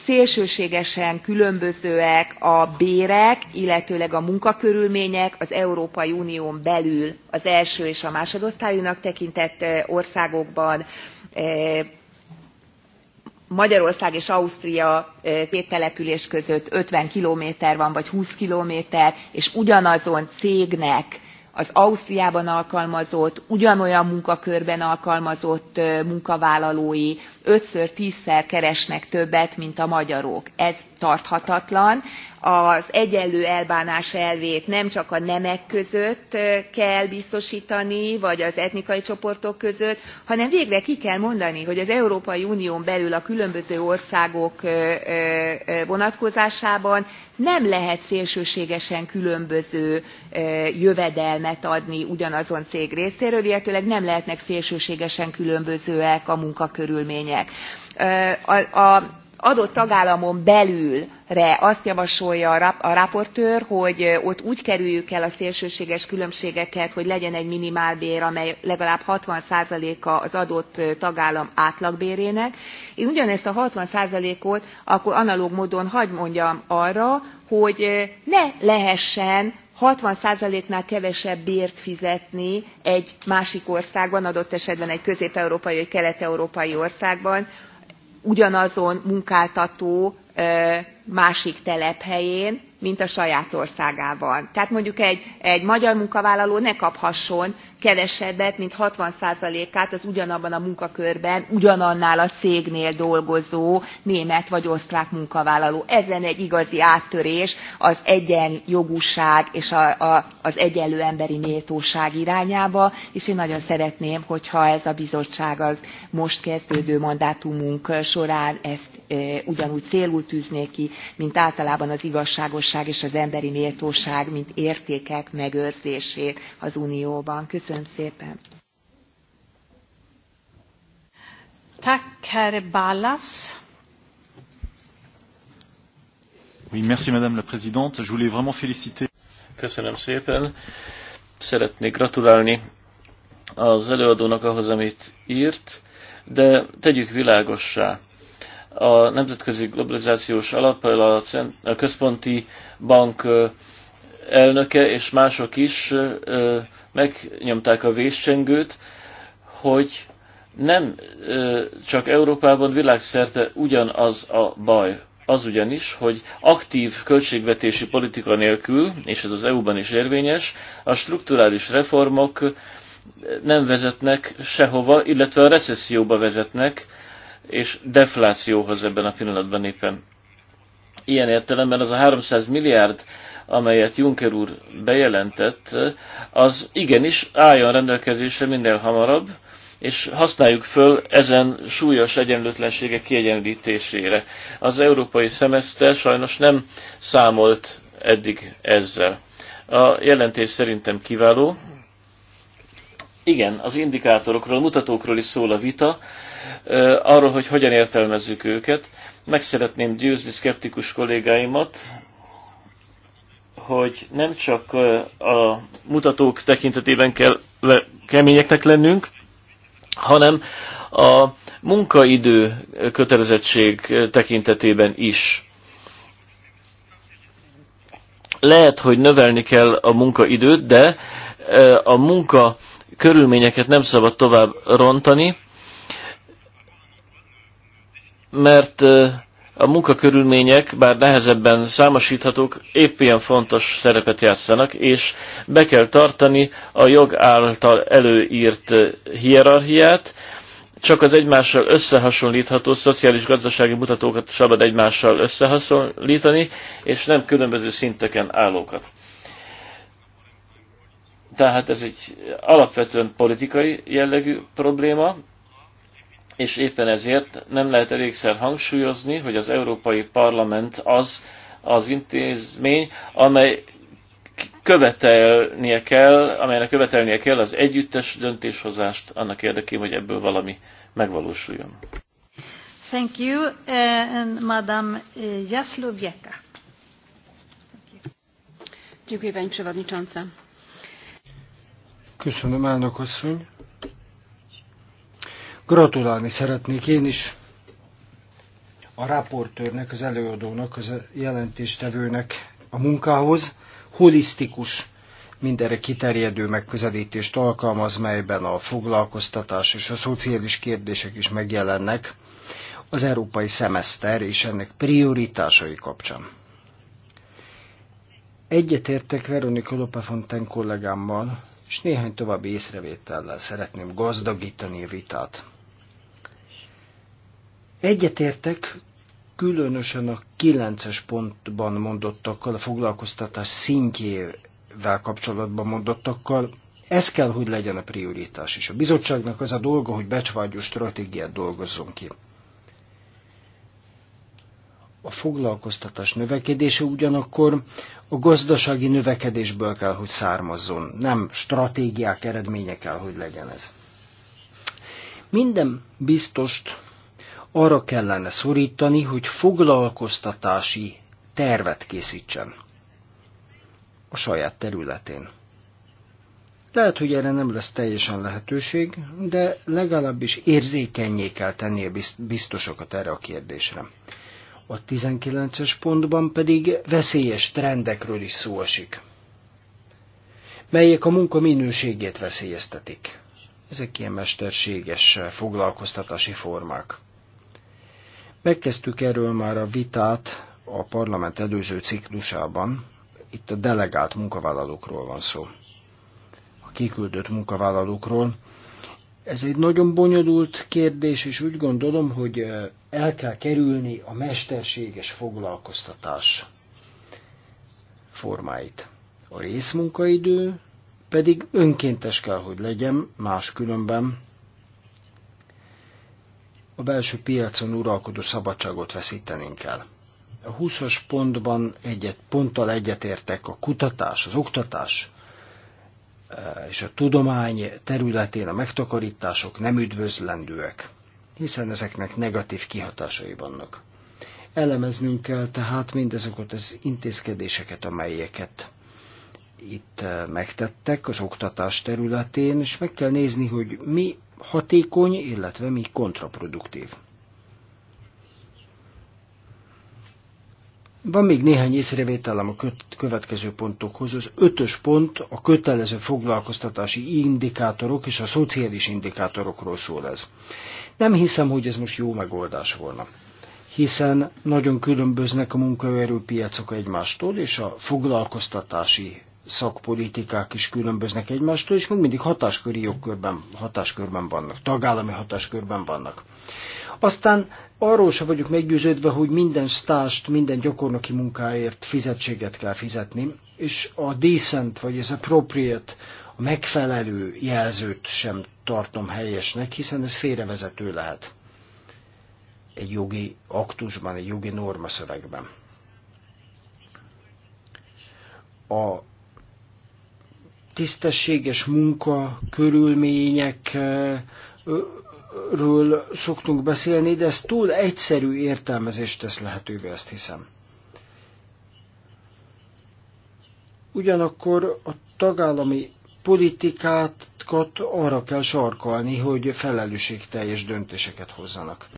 szélsőségesen különbözőek a bérek illetőleg a munkakörülmények az európai unión belül az első és a másodosztályúnak tekintett országokban magyarország és ausztria két település között fifty kilométer van vagy twenty kilométer és ugyanazon cégnek az ausztriában alkalmazott ugyanolyan munkakörben alkalmazott munkavállalói ötször, tízszer keresnek többet, mint a magyarok. Ez tarthatatlan. Az egyenlő elbánás elvét nem csak a nemek között kell biztosítani, vagy az etnikai csoportok között, hanem végre ki kell mondani, hogy az Európai Unión belül a különböző országok vonatkozásában nem lehet szélsőségesen különböző jövedelmet adni ugyanazon cég részéről illetőleg nem lehetnek szélsőségesen különbözőek a munkakörülmények eredmények. az adott tagállamon belülre azt javasolja a raportőr hogy ott úgy kerüljük el a szélsőséges különbségeket hogy legyen egy minimálbér amely legalább sixty a az adott tagállam átlagbérének. én ugyanezt a sixty ot akkor analóg módon hadd mondjam arra hogy ne lehessen sixty nál kevesebb bért fizetni egy másik országban adott esetben egy közép európai vagy kelet európai országban ugyanazon munkáltató másik telephelyén mint a saját országában. Tehát mondjuk egy, egy magyar munkavállaló ne kaphasson kevesebbet, mint 60%-át az ugyanabban a munkakörben, ugyanannál a cégnél dolgozó német vagy osztrák munkavállaló. Ezen egy igazi áttörés az egyenjogúság és a, a, az egyenlő emberi méltóság irányába, és én nagyon szeretném, hogyha ez a bizottság az most kezdődő mandátumunk során ezt e, ugyanúgy célú tűzné ki, mint általában az igazságos méltóság és az emberi méltóság, mint értékek megőrzését az Unióban. Köszönöm szépen! Tack, herr Ballas.
Oui, merci Madame la Présidente. Je voulais vraiment féliciter. Köszönöm szépen. Szeretnék gratulálni az előadónak ahhoz, amit írt, de tegyük világossá, a Nemzetközi Globalizációs Alap, a, Központi Bank elnöke és mások is megnyomták a véscsengőt, hogy nem csak Európában, világszerte ugyanaz a baj. Az ugyanis, hogy aktív költségvetési politika nélkül, és ez az EU-ban is érvényes, a strukturális reformok nem vezetnek sehova, illetve a recesszióba vezetnek, és deflációhoz ebben a pillanatban éppen. Ilyen értelemben az a 300 milliárd, amelyet Juncker úr bejelentett, az igenis álljon rendelkezésre minden hamarabb, és használjuk föl ezen súlyos egyenlőtlenségek kiegyenlítésére. Az európai szemeszter sajnos nem számolt eddig ezzel. A jelentés szerintem kiváló. Igen, az indikátorokról, mutatókról is szól a vita, arról, hogy hogyan értelmezzük őket. Meg szeretném győzni szkeptikus kollégáimat, hogy nem csak a mutatók tekintetében kell le, keményeknek lennünk, hanem a munkaidő kötelezettség tekintetében is. Lehet, hogy növelni kell a munkaidőt, de a munka körülményeket nem szabad tovább rontani, mert a munkakörülmények, bár nehezebben számosíthatók, épp ilyen fontos szerepet játszanak, és be kell tartani a jog által előírt hierarchiát, csak az egymással összehasonlítható szociális-gazdasági mutatókat szabad egymással összehasonlítani, és nem különböző szinteken állókat. Tehát ez egy alapvetően politikai jellegű probléma, és éppen ezért nem lehet elégszer hangsúlyozni, hogy az Európai Parlament az az intézmény, amely követelnie kell, amelynek követelnie kell az együttes döntéshozást annak érdekében, hogy ebből valami
megvalósuljon. Thank you, eh, and Madame eh, Jaslovieka. Dziękuję Pani Przewodnicząca.
Köszönöm, elnök asszony. Gratulálni szeretnék én is a raportőrnek, az előadónak, az jelentéstevőnek a munkához. Holisztikus, mindenre kiterjedő megközelítést alkalmaz, melyben a foglalkoztatás és a szociális kérdések is megjelennek az európai szemeszter és ennek prioritásai kapcsán. Egyetértek Veronika Lopafonten kollégámmal, és néhány további észrevétellel szeretném gazdagítani a vitát. Egyetértek különösen a kilences pontban mondottakkal, a foglalkoztatás szintjével kapcsolatban mondottakkal, ez kell, hogy legyen a prioritás, és a bizottságnak az a dolga, hogy becsvágyó stratégiát dolgozzon ki a foglalkoztatás növekedése ugyanakkor a gazdasági növekedésből kell, hogy származzon, nem stratégiák eredménye kell, hogy legyen ez. Minden biztost arra kellene szorítani, hogy foglalkoztatási tervet készítsen a saját területén. Lehet, hogy erre nem lesz teljesen lehetőség, de legalábbis érzékenyé kell tenni a biztosokat erre a kérdésre. A 19-es pontban pedig veszélyes trendekről is szó esik, melyek a munka minőségét veszélyeztetik. Ezek ilyen mesterséges foglalkoztatási formák. Megkezdtük erről már a vitát a parlament előző ciklusában, itt a delegált munkavállalókról van szó. A kiküldött munkavállalókról, ez egy nagyon bonyolult kérdés, és úgy gondolom, hogy el kell kerülni a mesterséges foglalkoztatás formáit. A részmunkaidő pedig önkéntes kell, hogy legyen, máskülönben a belső piacon uralkodó szabadságot veszítenénk el. A 20-as pontban egyet, ponttal egyetértek a kutatás, az oktatás Eh, és a tudomány területén a megtakarítások nem üdvözlendőek, hiszen ezeknek negatív kihatásai vannak. Elemeznünk kell tehát mindezeket az intézkedéseket, amelyeket itt eh, megtettek az oktatás területén, és meg kell nézni, hogy mi hatékony, illetve mi kontraproduktív. Van még néhány észrevételem a következő pontokhoz. Az ötös pont a kötelező foglalkoztatási indikátorok és a szociális indikátorokról szól ez. Nem hiszem, hogy ez most jó megoldás volna hiszen nagyon különböznek a munkaerőpiacok egymástól, és a foglalkoztatási szakpolitikák is különböznek egymástól, és még mindig hatásköri jogkörben, hatáskörben vannak, tagállami hatáskörben vannak. Aztán arról se vagyok meggyőződve, hogy minden stást, minden gyakornoki munkáért fizetséget kell fizetni, és a decent vagy az appropriate, a megfelelő jelzőt sem tartom helyesnek, hiszen ez félrevezető lehet egy jogi aktusban, egy jogi norma szövegben. A tisztességes munka körülményekről szoktunk beszélni, de ez túl egyszerű értelmezést tesz lehetővé, azt hiszem. Ugyanakkor a tagállami politikát arra kell sarkalni, hogy felelősségteljes döntéseket hozzanak.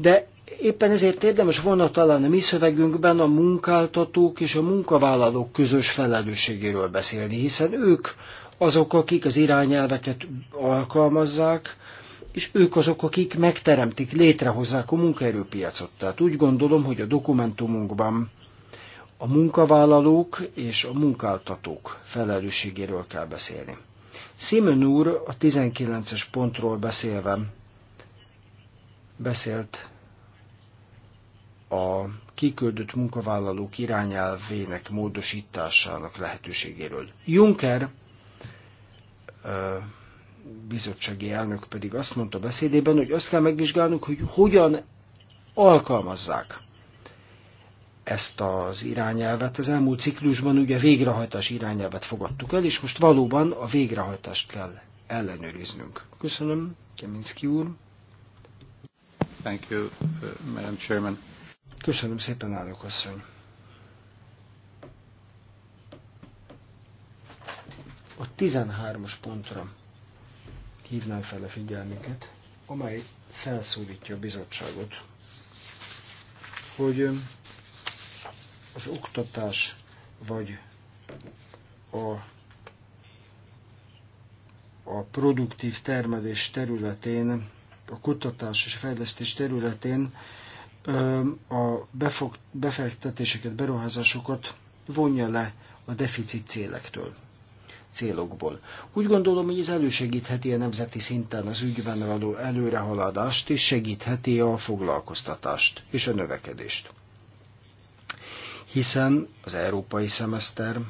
De éppen ezért érdemes volna talán a mi szövegünkben a munkáltatók és a munkavállalók közös felelősségéről beszélni, hiszen ők azok, akik az irányelveket alkalmazzák, és ők azok, akik megteremtik, létrehozzák a munkaerőpiacot. Tehát úgy gondolom, hogy a dokumentumunkban a munkavállalók és a munkáltatók felelősségéről kell beszélni. Simon úr a 19-es pontról beszélve beszélt a kiküldött munkavállalók irányelvének módosításának lehetőségéről. Juncker bizottsági elnök pedig azt mondta beszédében, hogy azt kell megvizsgálnunk, hogy hogyan alkalmazzák ezt az irányelvet. Az elmúlt ciklusban ugye végrehajtás irányelvet fogadtuk el, és most valóban a végrehajtást kell ellenőriznünk. Köszönöm, Keminski úr. Thank you, uh, Madam Chairman. Köszönöm szépen, állok asszony. A 13-as pontra hívnám fel a figyelmüket, amely felszólítja a bizottságot, hogy um, az oktatás vagy a, a produktív termelés területén a kutatás és fejlesztés területén a befektetéseket, beruházásokat vonja le a deficit célektől, célokból. Úgy gondolom, hogy ez elősegítheti a nemzeti szinten az ügyben való előrehaladást, és segítheti a foglalkoztatást és a növekedést. Hiszen az európai szemeszter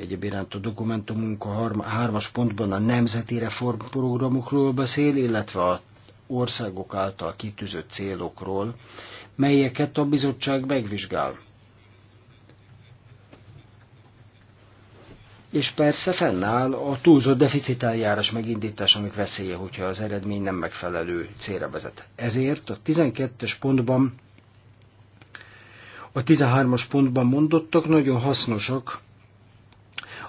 Egyéb iránt a dokumentumunk a hármas pontban a nemzeti reformprogramokról beszél, illetve a országok által kitűzött célokról, melyeket a bizottság megvizsgál. És persze fennáll a túlzott eljárás megindítás, amik veszélye, hogyha az eredmény nem megfelelő célra vezet. Ezért a 12-es pontban, a 13-as pontban mondottak nagyon hasznosak,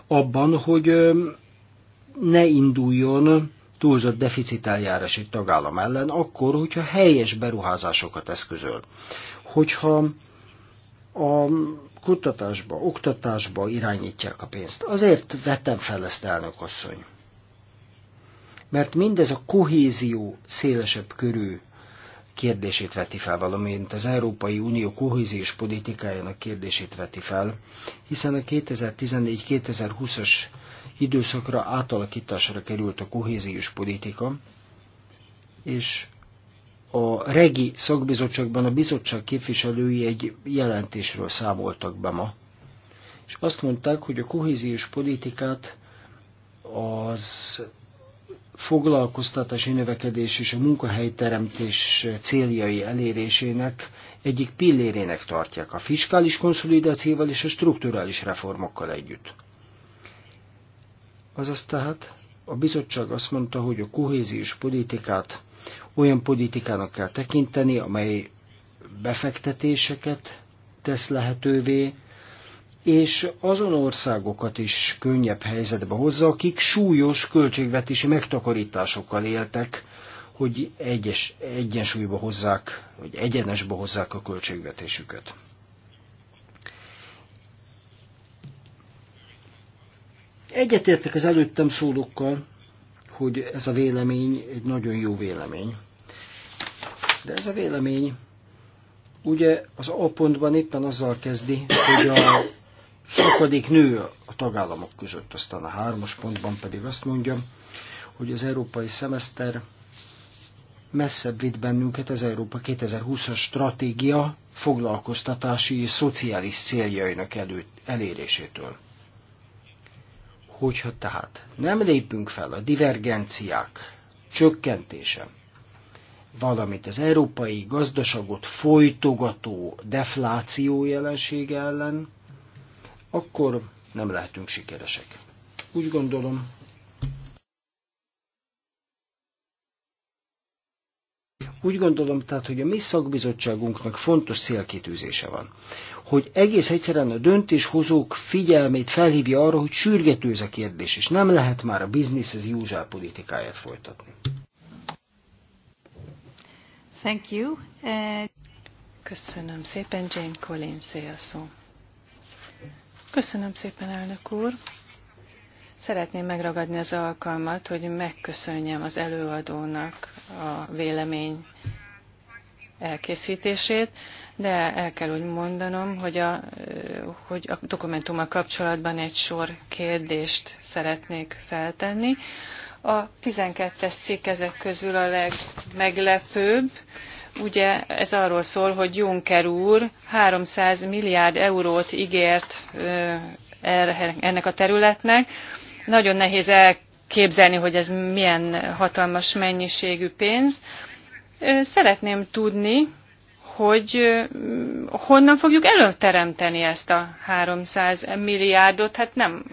abban, hogy ne induljon túlzott deficiteljárás egy tagállam ellen, akkor, hogyha helyes beruházásokat eszközöl. Hogyha a kutatásba, oktatásba irányítják a pénzt. Azért vettem fel ezt, elnök asszony. Mert mindez a kohézió szélesebb körű kérdését veti fel, valamint az Európai Unió kohéziós politikájának kérdését veti fel, hiszen a 2014-2020-as időszakra átalakításra került a kohéziós politika, és a regi szakbizottságban a bizottság képviselői egy jelentésről számoltak be ma, és azt mondták, hogy a kohéziós politikát az foglalkoztatási növekedés és a munkahelyteremtés céljai elérésének egyik pillérének tartják a fiskális konszolidációval és a strukturális reformokkal együtt. Azaz tehát a bizottság azt mondta, hogy a kohéziós politikát olyan politikának kell tekinteni, amely befektetéseket tesz lehetővé, és azon országokat is könnyebb helyzetbe hozza, akik súlyos költségvetési megtakarításokkal éltek, hogy egyes, egyensúlyba hozzák, vagy egyenesbe hozzák a költségvetésüket. Egyetértek az előttem szólókkal, hogy ez a vélemény egy nagyon jó vélemény. De ez a vélemény ugye az A pontban éppen azzal kezdi, hogy a Sokadik nő a tagállamok között. Aztán a hármas pontban pedig azt mondja, hogy az európai szemeszter messzebb vitt bennünket az Európa 2020-as stratégia foglalkoztatási és szociális céljainak elő, elérésétől. Hogyha tehát nem lépünk fel a divergenciák csökkentése, valamint az európai gazdaságot folytogató defláció jelensége ellen, akkor nem lehetünk sikeresek. Úgy gondolom, úgy gondolom tehát, hogy a mi szakbizottságunknak fontos célkitűzése van. Hogy egész egyszerűen a döntéshozók figyelmét felhívja arra, hogy sürgető ez a kérdés, és nem lehet már a business as usual politikáját folytatni.
Thank you.
Uh... Köszönöm szépen, Jane Collins, szó. Köszönöm szépen, elnök úr. Szeretném megragadni az alkalmat, hogy megköszönjem az előadónak a vélemény elkészítését, de el kell úgy mondanom, hogy a, hogy a dokumentummal kapcsolatban egy sor kérdést szeretnék feltenni. A 12-es cikk ezek közül a legmeglepőbb, Ugye ez arról szól, hogy Juncker úr 300 milliárd eurót ígért er-, ennek a területnek. Nagyon nehéz elképzelni, hogy ez milyen hatalmas mennyiségű pénz. Szeretném tudni, hogy honnan fogjuk előteremteni ezt a 300 milliárdot. Hát nem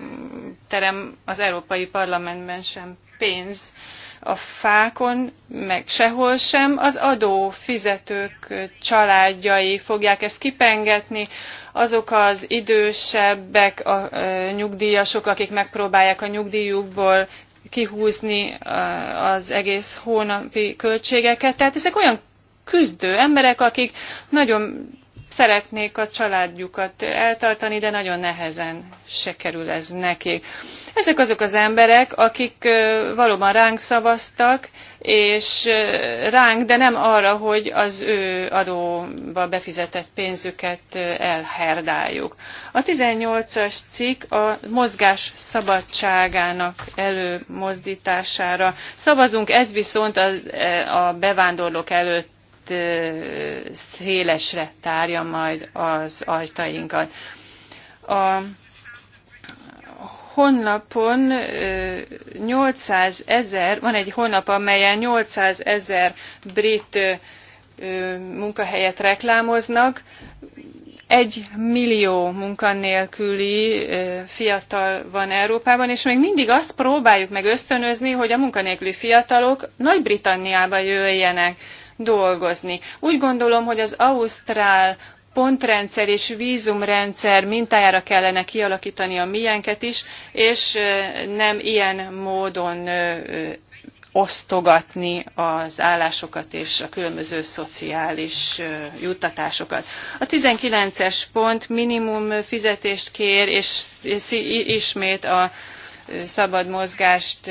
terem az Európai Parlamentben sem pénz a fákon, meg sehol sem, az adófizetők családjai fogják ezt kipengetni, azok az idősebbek, a nyugdíjasok, akik megpróbálják a nyugdíjukból kihúzni az egész hónapi költségeket. Tehát ezek olyan küzdő emberek, akik nagyon szeretnék a családjukat eltartani, de nagyon nehezen se kerül ez nekik. Ezek azok az emberek, akik valóban ránk szavaztak, és ránk, de nem arra, hogy az ő adóba befizetett pénzüket elherdáljuk. A 18-as cikk a mozgás szabadságának előmozdítására szavazunk, ez viszont az, e, a bevándorlók előtt itt szélesre tárja majd az ajtainkat. A honlapon 800 ezer, van egy honlap, amelyen 800 ezer brit munkahelyet reklámoznak, egy millió munkanélküli fiatal van Európában, és még mindig azt próbáljuk meg ösztönözni, hogy a munkanélküli fiatalok Nagy-Britanniába jöjjenek dolgozni. Úgy gondolom, hogy az Ausztrál pontrendszer és vízumrendszer mintájára kellene kialakítani a miénket is, és nem ilyen módon osztogatni az állásokat és a különböző szociális juttatásokat. A 19-es pont minimum fizetést kér, és ismét a szabad mozgást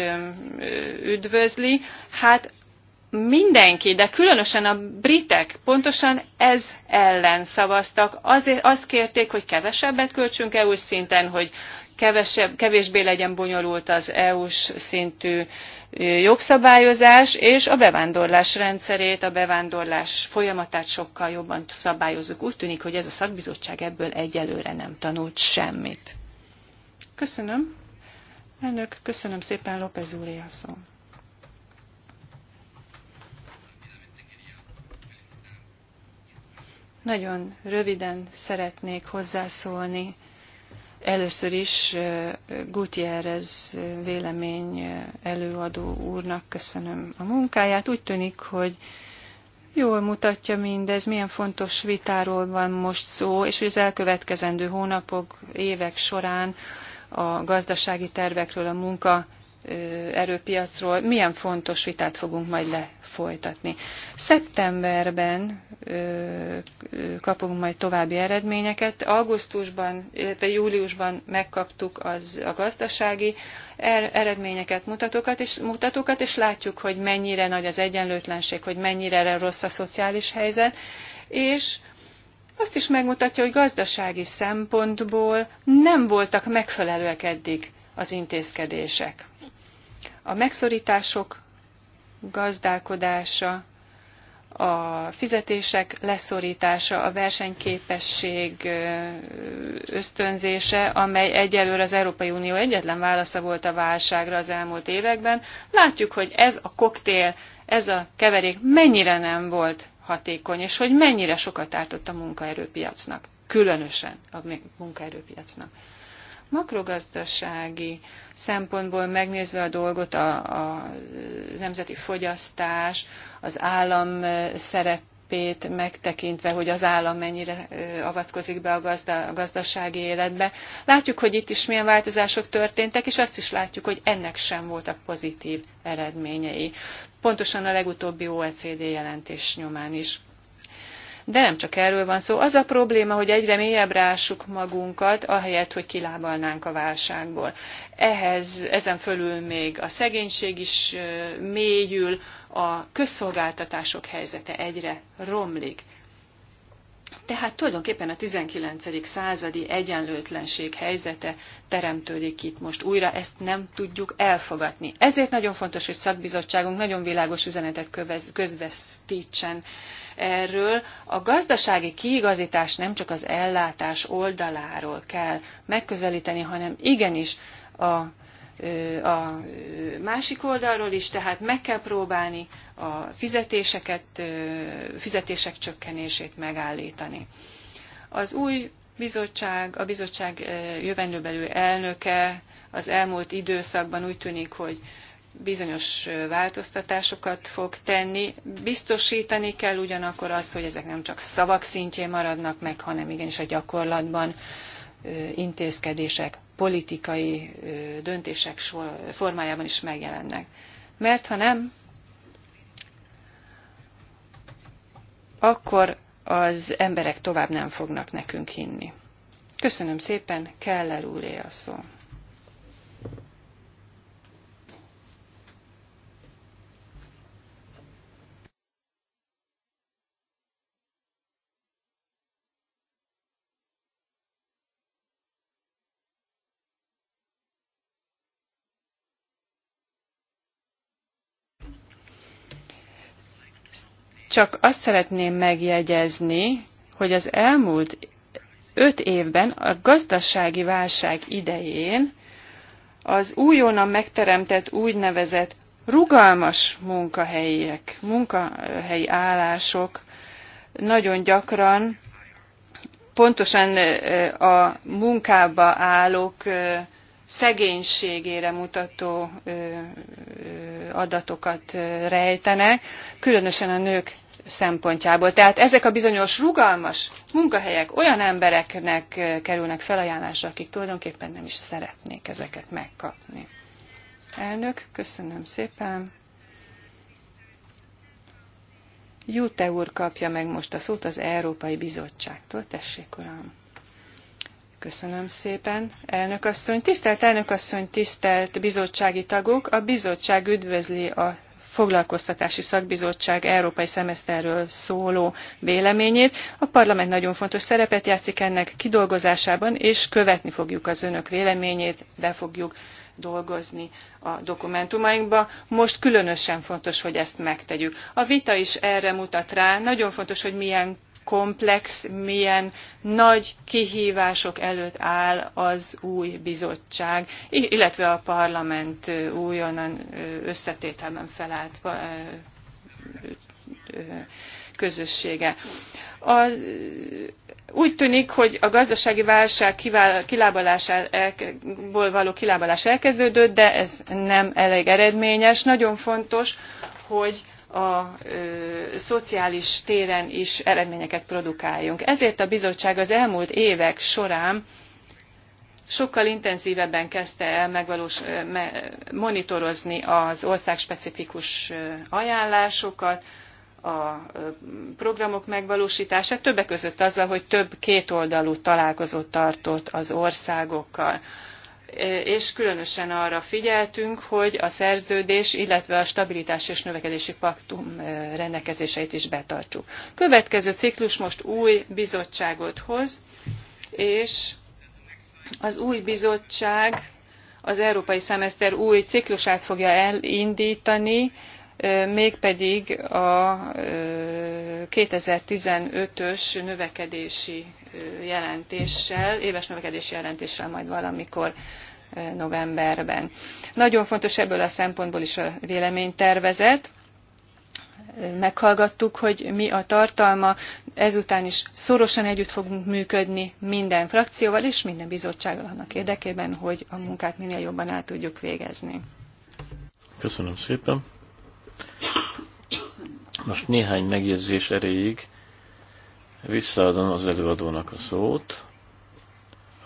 üdvözli. Hát mindenki, de különösen a britek pontosan ez ellen szavaztak. Azért azt kérték, hogy kevesebbet költsünk EU-s szinten, hogy kevesebb, kevésbé legyen bonyolult az EU-s szintű jogszabályozás, és a bevándorlás rendszerét, a bevándorlás folyamatát sokkal jobban szabályozzuk. Úgy tűnik, hogy ez a szakbizottság ebből egyelőre nem tanult semmit. Köszönöm. Elnök, köszönöm szépen López úr Nagyon röviden szeretnék hozzászólni először is Gutierrez vélemény előadó úrnak köszönöm a munkáját. Úgy tűnik, hogy jól mutatja mindez, milyen fontos vitáról van most szó, és hogy az elkövetkezendő hónapok, évek során a gazdasági tervekről, a munka erőpiacról milyen fontos vitát fogunk majd lefolytatni. Szeptemberben kapunk majd további eredményeket. Augusztusban, illetve júliusban megkaptuk az, a gazdasági er-, eredményeket, mutatókat és, mutatókat, és látjuk, hogy mennyire nagy az egyenlőtlenség, hogy mennyire rossz a szociális helyzet, és azt is megmutatja, hogy gazdasági szempontból nem voltak megfelelőek eddig az intézkedések a megszorítások gazdálkodása, a fizetések leszorítása, a versenyképesség ösztönzése, amely egyelőre az Európai Unió egyetlen válasza volt a válságra az elmúlt években. Látjuk, hogy ez a koktél, ez a keverék mennyire nem volt hatékony, és hogy mennyire sokat ártott a munkaerőpiacnak, különösen a munkaerőpiacnak. Makrogazdasági szempontból megnézve a dolgot a, a nemzeti fogyasztás, az állam szerep szerepét megtekintve, hogy az állam mennyire avatkozik be a, gazda, a gazdasági életbe. Látjuk, hogy itt is milyen változások történtek, és azt is látjuk, hogy ennek sem voltak pozitív eredményei. Pontosan a legutóbbi OECD jelentés nyomán is. De nem csak erről van szó. Az a probléma, hogy egyre mélyebbre ássuk magunkat, ahelyett, hogy kilábalnánk a válságból. Ehhez, ezen fölül még a szegénység is mélyül, a közszolgáltatások helyzete egyre romlik. Tehát tulajdonképpen a 19. századi egyenlőtlenség helyzete teremtődik itt most újra, ezt nem tudjuk elfogadni. Ezért nagyon fontos, hogy szakbizottságunk nagyon világos üzenetet közvesztítsen erről. A gazdasági kiigazítás nem csak az ellátás oldaláról kell megközelíteni, hanem igenis a a másik oldalról is, tehát meg kell próbálni a fizetéseket, fizetések csökkenését megállítani. Az új bizottság, a bizottság jövendőbelül elnöke az elmúlt időszakban úgy tűnik, hogy bizonyos változtatásokat fog tenni. Biztosítani kell ugyanakkor azt, hogy ezek nem csak szavak szintjén maradnak meg, hanem igenis a gyakorlatban intézkedések, politikai döntések formájában is megjelennek. Mert ha nem, akkor az emberek tovább nem fognak nekünk hinni. Köszönöm szépen, Keller úré a szó. Csak azt szeretném megjegyezni, hogy az elmúlt öt évben a gazdasági válság idején az újonnan megteremtett úgynevezett rugalmas munkahelyek, munkahelyi állások nagyon gyakran pontosan a munkába állók szegénységére mutató adatokat rejtenek, különösen a nők szempontjából. Tehát ezek a bizonyos rugalmas munkahelyek olyan embereknek kerülnek felajánlásra, akik tulajdonképpen nem is szeretnék ezeket megkapni. Elnök, köszönöm szépen. Jute úr kapja meg most a szót az Európai Bizottságtól. Tessék, uram! Köszönöm szépen, elnök asszony. Tisztelt elnök asszony, tisztelt bizottsági tagok! A bizottság üdvözli a foglalkoztatási szakbizottság európai szemeszterről szóló véleményét. A parlament nagyon fontos szerepet játszik ennek kidolgozásában, és követni fogjuk az önök véleményét, be fogjuk dolgozni a dokumentumainkba. Most különösen fontos, hogy ezt megtegyük. A vita is erre mutat rá. Nagyon fontos, hogy milyen komplex, milyen nagy kihívások előtt áll az új bizottság, illetve a parlament újonnan összetételben felállt közössége. A, úgy tűnik, hogy a gazdasági válság kilábalásából való kilábalás elkezdődött, de ez nem elég eredményes. Nagyon fontos, hogy a ö, szociális téren is eredményeket produkáljunk. Ezért a bizottság az elmúlt évek során sokkal intenzívebben kezdte el megvalós, me, monitorozni az országspecifikus ajánlásokat, a programok megvalósítását, többek között azzal, hogy több kétoldalú találkozót tartott az országokkal és különösen arra figyeltünk, hogy a szerződés, illetve a stabilitás és növekedési paktum rendelkezéseit is betartsuk. Következő ciklus most új bizottságot hoz, és az új bizottság az európai szemeszter új ciklusát fogja elindítani, mégpedig a 2015-ös növekedési jelentéssel, éves növekedési jelentéssel majd valamikor novemberben. Nagyon fontos ebből a szempontból is a véleménytervezet. Meghallgattuk, hogy mi a tartalma, ezután is szorosan együtt fogunk működni minden frakcióval és minden bizottsággal annak érdekében, hogy a munkát minél jobban el tudjuk végezni.
Köszönöm szépen! Most néhány megjegyzés erejéig visszaadom az előadónak a szót,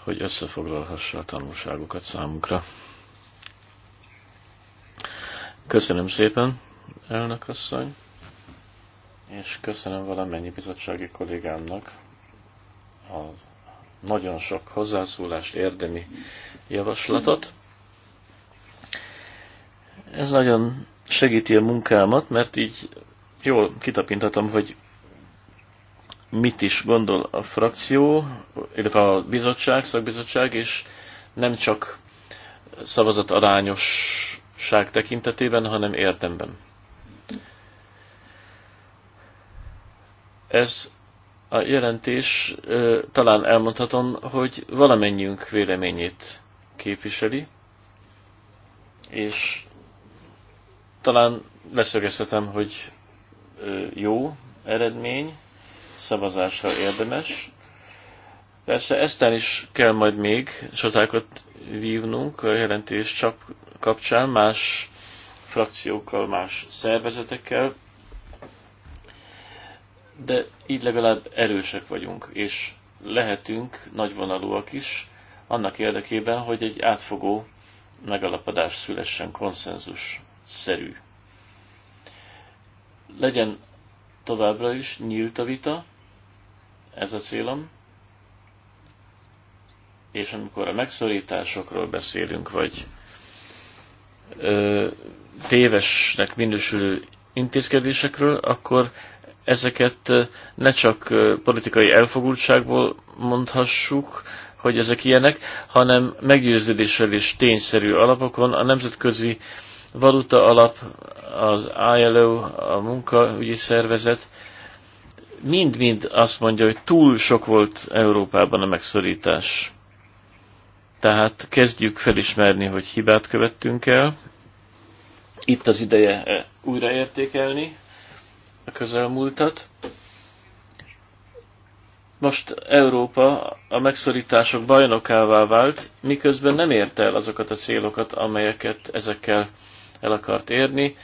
hogy összefoglalhassa a tanulságokat számunkra. Köszönöm szépen, elnök asszony, és köszönöm valamennyi bizottsági kollégámnak a nagyon sok hozzászólást, érdemi javaslatot. Ez nagyon segíti a munkámat, mert így jól kitapintatom, hogy mit is gondol a frakció, illetve a bizottság, szakbizottság, és nem csak szavazat arányosság tekintetében, hanem értemben. Ez a jelentés talán elmondhatom, hogy valamennyiünk véleményét képviseli, és talán leszögezhetem, hogy jó eredmény, szavazásra érdemes. Persze eztán is kell majd még csatákat vívnunk a jelentés csap kapcsán, más frakciókkal, más szervezetekkel, de így legalább erősek vagyunk, és lehetünk nagyvonalúak is, annak érdekében, hogy egy átfogó megalapodás szülessen, konszenzus szerű. Legyen továbbra is nyílt a vita, ez a célom, és amikor a megszorításokról beszélünk, vagy ö, tévesnek minősülő intézkedésekről, akkor ezeket ne csak politikai elfogultságból mondhassuk, hogy ezek ilyenek, hanem meggyőződéssel és tényszerű alapokon a nemzetközi valuta alap, az ILO, a munkaügyi szervezet, mind-mind azt mondja, hogy túl sok volt Európában a megszorítás. Tehát kezdjük felismerni, hogy hibát követtünk el. Itt az ideje eh, újraértékelni a közelmúltat. Most Európa a megszorítások bajnokává vált, miközben nem érte el azokat a célokat, amelyeket ezekkel el akart érni,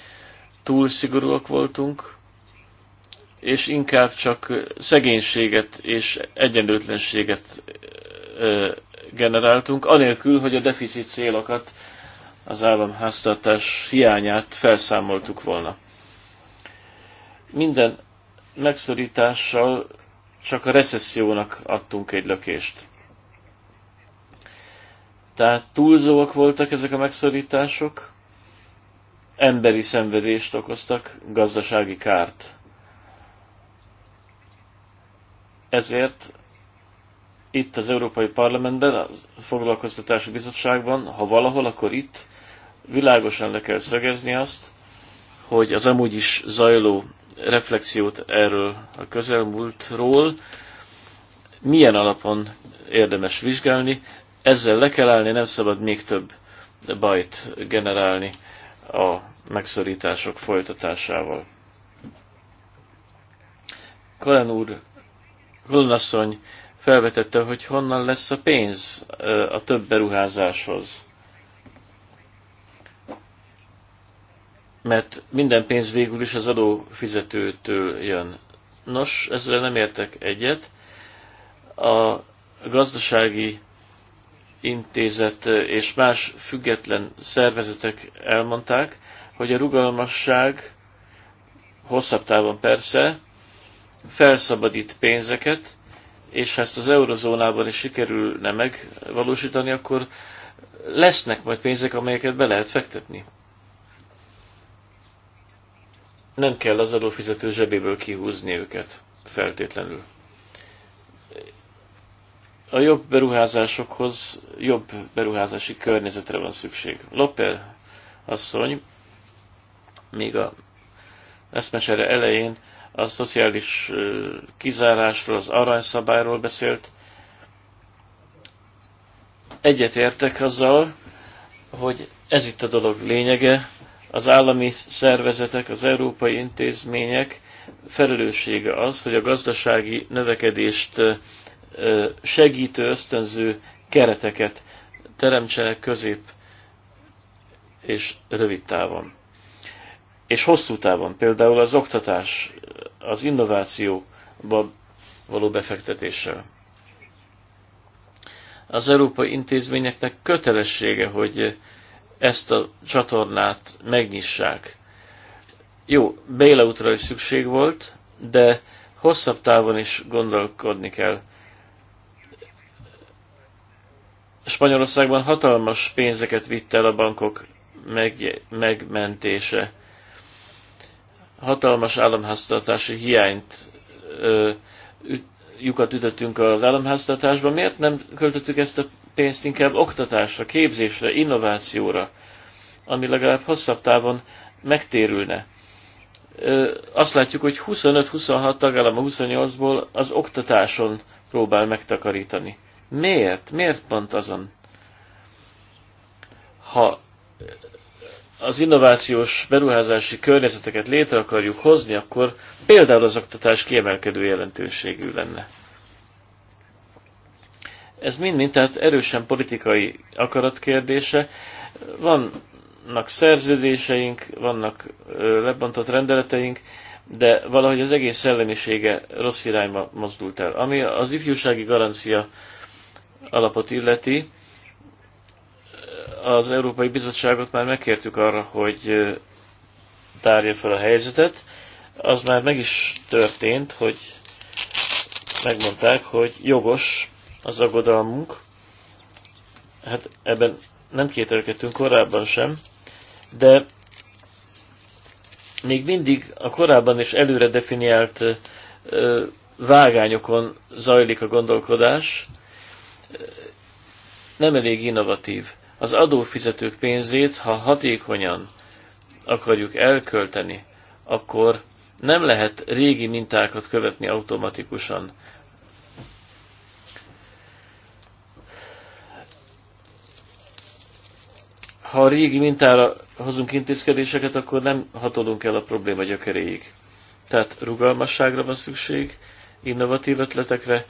túl szigorúak voltunk, és inkább csak szegénységet és egyenlőtlenséget generáltunk, anélkül, hogy a deficit célokat, az államháztartás hiányát felszámoltuk volna. Minden megszorítással csak a recessziónak adtunk egy lökést. Tehát túlzóak voltak ezek a megszorítások, emberi szenvedést okoztak, gazdasági kárt. Ezért itt az Európai Parlamentben, a Foglalkoztatási Bizottságban, ha valahol, akkor itt világosan le kell szögezni azt, hogy az amúgy is zajló reflexiót erről a közelmúltról milyen alapon érdemes vizsgálni, ezzel le kell állni, nem szabad még több bajt generálni a megszorítások folytatásával. Kalen úr, Kalen felvetette, hogy honnan lesz a pénz a több beruházáshoz. Mert minden pénz végül is az adófizetőtől jön. Nos, ezzel nem értek egyet. A gazdasági Intézet eh, és más független szervezetek elmondták, hogy a rugalmasság hosszabb távon persze felszabadít pénzeket, és ha ezt az eurozónában is sikerülne megvalósítani, akkor lesznek majd pénzek, amelyeket be lehet fektetni. Nem kell az adófizető zsebéből kihúzni őket feltétlenül a jobb beruházásokhoz jobb beruházási környezetre van szükség. Lopel asszony még a eszmesere elején a szociális kizárásról, az aranyszabályról beszélt. Egyetértek azzal, hogy ez itt a dolog lényege, az állami szervezetek, az európai intézmények felelőssége az, hogy a gazdasági növekedést segítő, ösztönző kereteket teremtsenek közép és rövid távon. És hosszú távon, például az oktatás, az innovációba való befektetéssel. Az európai intézményeknek kötelessége, hogy ezt a csatornát megnyissák. Jó, bailoutra is szükség volt, de hosszabb távon is gondolkodni kell Spanyolországban hatalmas pénzeket vitt el a bankok meg, megmentése. Hatalmas államháztartási hiányt ö, üt, lyukat ütöttünk az államháztartásba. Miért nem költöttük ezt a pénzt inkább oktatásra, képzésre, innovációra, ami legalább hosszabb távon megtérülne? Ö, azt látjuk, hogy 25-26 tagállam a 28-ból az oktatáson próbál megtakarítani. Miért? Miért pont azon? Ha az innovációs beruházási környezeteket létre akarjuk hozni, akkor például az oktatás kiemelkedő jelentőségű lenne. Ez mind-mind tehát erősen politikai akarat kérdése. Vannak szerződéseink, vannak lebontott rendeleteink, de valahogy az egész szellemisége rossz irányba mozdult el. Ami az ifjúsági garancia alapot illeti, az Európai Bizottságot már megkértük arra, hogy tárja fel a helyzetet. Az már meg is történt, hogy megmondták, hogy jogos az aggodalmunk. Hát ebben nem kételkedtünk korábban sem, de még mindig a korábban is előre definiált vágányokon zajlik a gondolkodás, nem elég innovatív. Az adófizetők pénzét, ha hatékonyan akarjuk elkölteni, akkor nem lehet régi mintákat követni automatikusan. Ha a régi mintára hozunk intézkedéseket, akkor nem hatolunk el a probléma gyökeréig. Tehát rugalmasságra van szükség, innovatív ötletekre,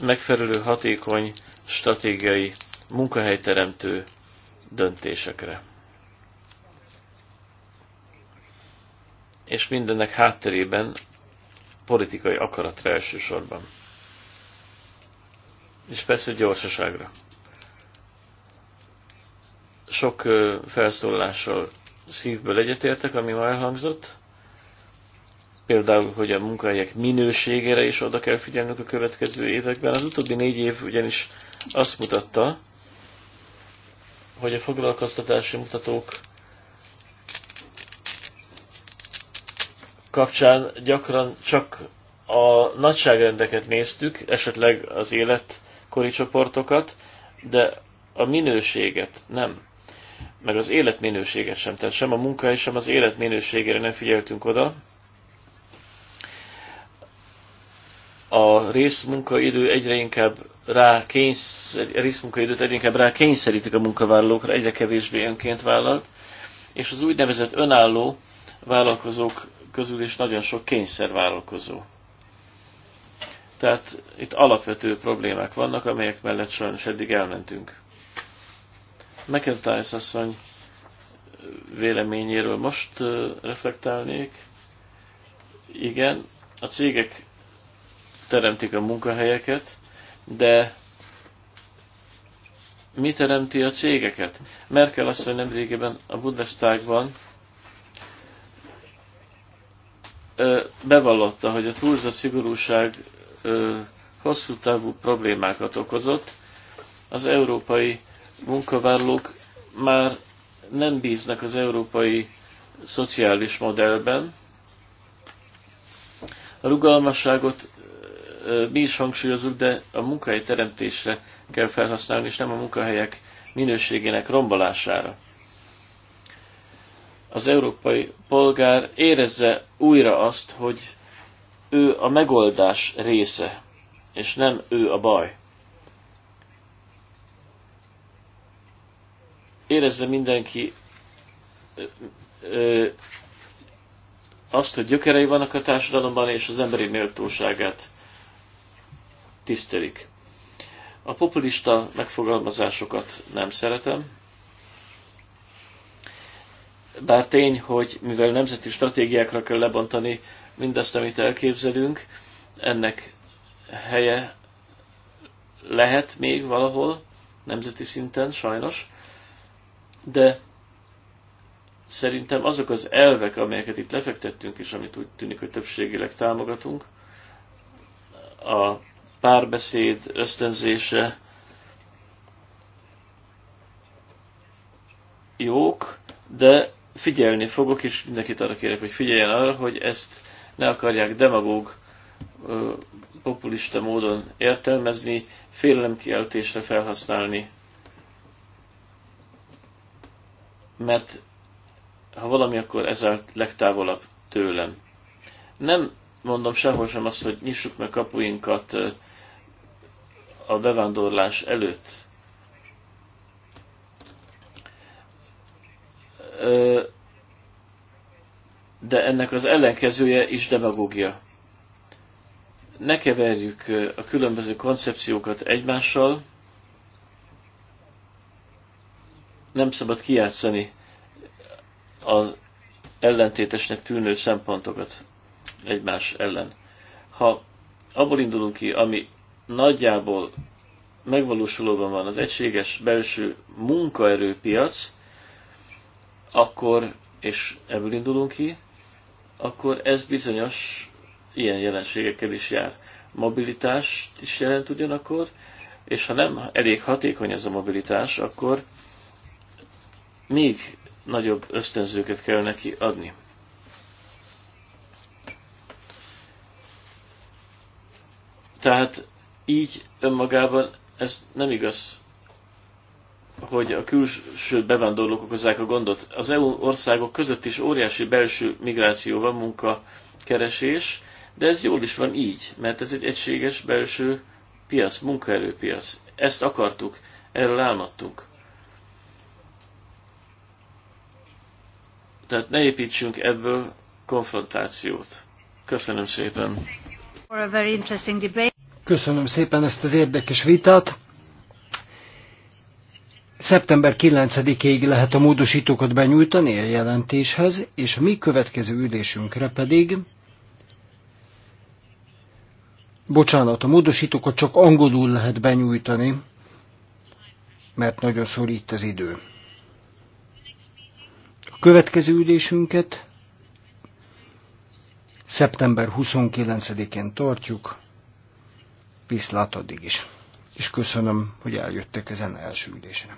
megfelelő hatékony stratégiai munkahelyteremtő döntésekre. És mindennek hátterében politikai akaratra elsősorban. És persze gyorsaságra. Sok felszólással szívből egyetértek, ami ma elhangzott, például, hogy a munkahelyek minőségére is oda kell figyelnünk a következő években. Az utóbbi négy év ugyanis azt mutatta, hogy a foglalkoztatási mutatók kapcsán gyakran csak a nagyságrendeket néztük, esetleg az életkori csoportokat, de a minőséget nem. Meg az életminőséget sem, tehát sem a munka, sem az életminőségére nem figyeltünk oda, a részmunkaidő egyre inkább rá kényszer, részmunkaidőt egyre inkább rá kényszerítik a munkavállalókra, egyre kevésbé önként vállalt, és az úgynevezett önálló vállalkozók közül is nagyon sok kényszervállalkozó. Tehát itt alapvető problémák vannak, amelyek mellett sajnos eddig elmentünk. McIntyre asszony véleményéről most reflektálnék. Igen, a cégek teremtik a munkahelyeket, de mi teremti a cégeket? Merkel asszony nemrégiben a Bundestagban bevallotta, hogy a túlzott szigorúság hosszú távú problémákat okozott. Az európai munkavállalók már nem bíznak az európai szociális modellben. A rugalmasságot mi is hangsúlyozunk, de a munkahely teremtésre kell felhasználni, és nem a munkahelyek minőségének rombolására. Az európai polgár érezze újra azt, hogy ő a megoldás része, és nem ő a baj. Érezze mindenki ö, ö, azt, hogy gyökerei vannak a társadalomban, és az emberi méltóságát tisztelik. A populista megfogalmazásokat nem szeretem, bár tény, hogy mivel nemzeti stratégiákra kell lebontani mindazt, amit elképzelünk, ennek helye lehet még valahol, nemzeti szinten sajnos, de szerintem azok az elvek, amelyeket itt lefektettünk, és amit úgy tűnik, hogy többségileg támogatunk, a párbeszéd ösztönzése jók, de figyelni fogok, és mindenkit arra kérek, hogy figyeljen arra, hogy ezt ne akarják demagóg populista módon értelmezni, félelemkieltésre felhasználni. Mert ha valami, akkor ez a legtávolabb tőlem. Nem mondom sehol sem azt, hogy nyissuk meg kapuinkat a bevándorlás előtt. De ennek az ellenkezője is demagógia. Ne keverjük a különböző koncepciókat egymással, nem szabad kijátszani az ellentétesnek tűnő szempontokat egymás ellen. Ha abból indulunk ki, ami nagyjából megvalósulóban van az egységes belső munkaerőpiac, akkor, és ebből indulunk ki, akkor ez bizonyos ilyen jelenségekkel is jár. Mobilitást is jelent ugyanakkor, és ha nem elég hatékony ez a mobilitás, akkor még nagyobb ösztönzőket kell neki adni. Tehát így önmagában ez nem igaz, hogy a külső bevándorlók okozzák a gondot. Az EU országok között is óriási belső migráció van, munkakeresés, de ez jól is van így, mert ez egy egységes belső piac, munkaerőpiac. Ezt akartuk, erről álmodtunk. Tehát ne építsünk ebből konfrontációt. Köszönöm szépen.
Köszönöm szépen ezt az érdekes vitát. Szeptember 9-ig lehet a módosítókat benyújtani a jelentéshez, és a mi következő ülésünkre pedig, bocsánat, a módosítókat csak angolul lehet benyújtani, mert nagyon szorít az idő. A következő ülésünket szeptember 29-én tartjuk viszlát addig is. És köszönöm, hogy eljöttek ezen első ülésre.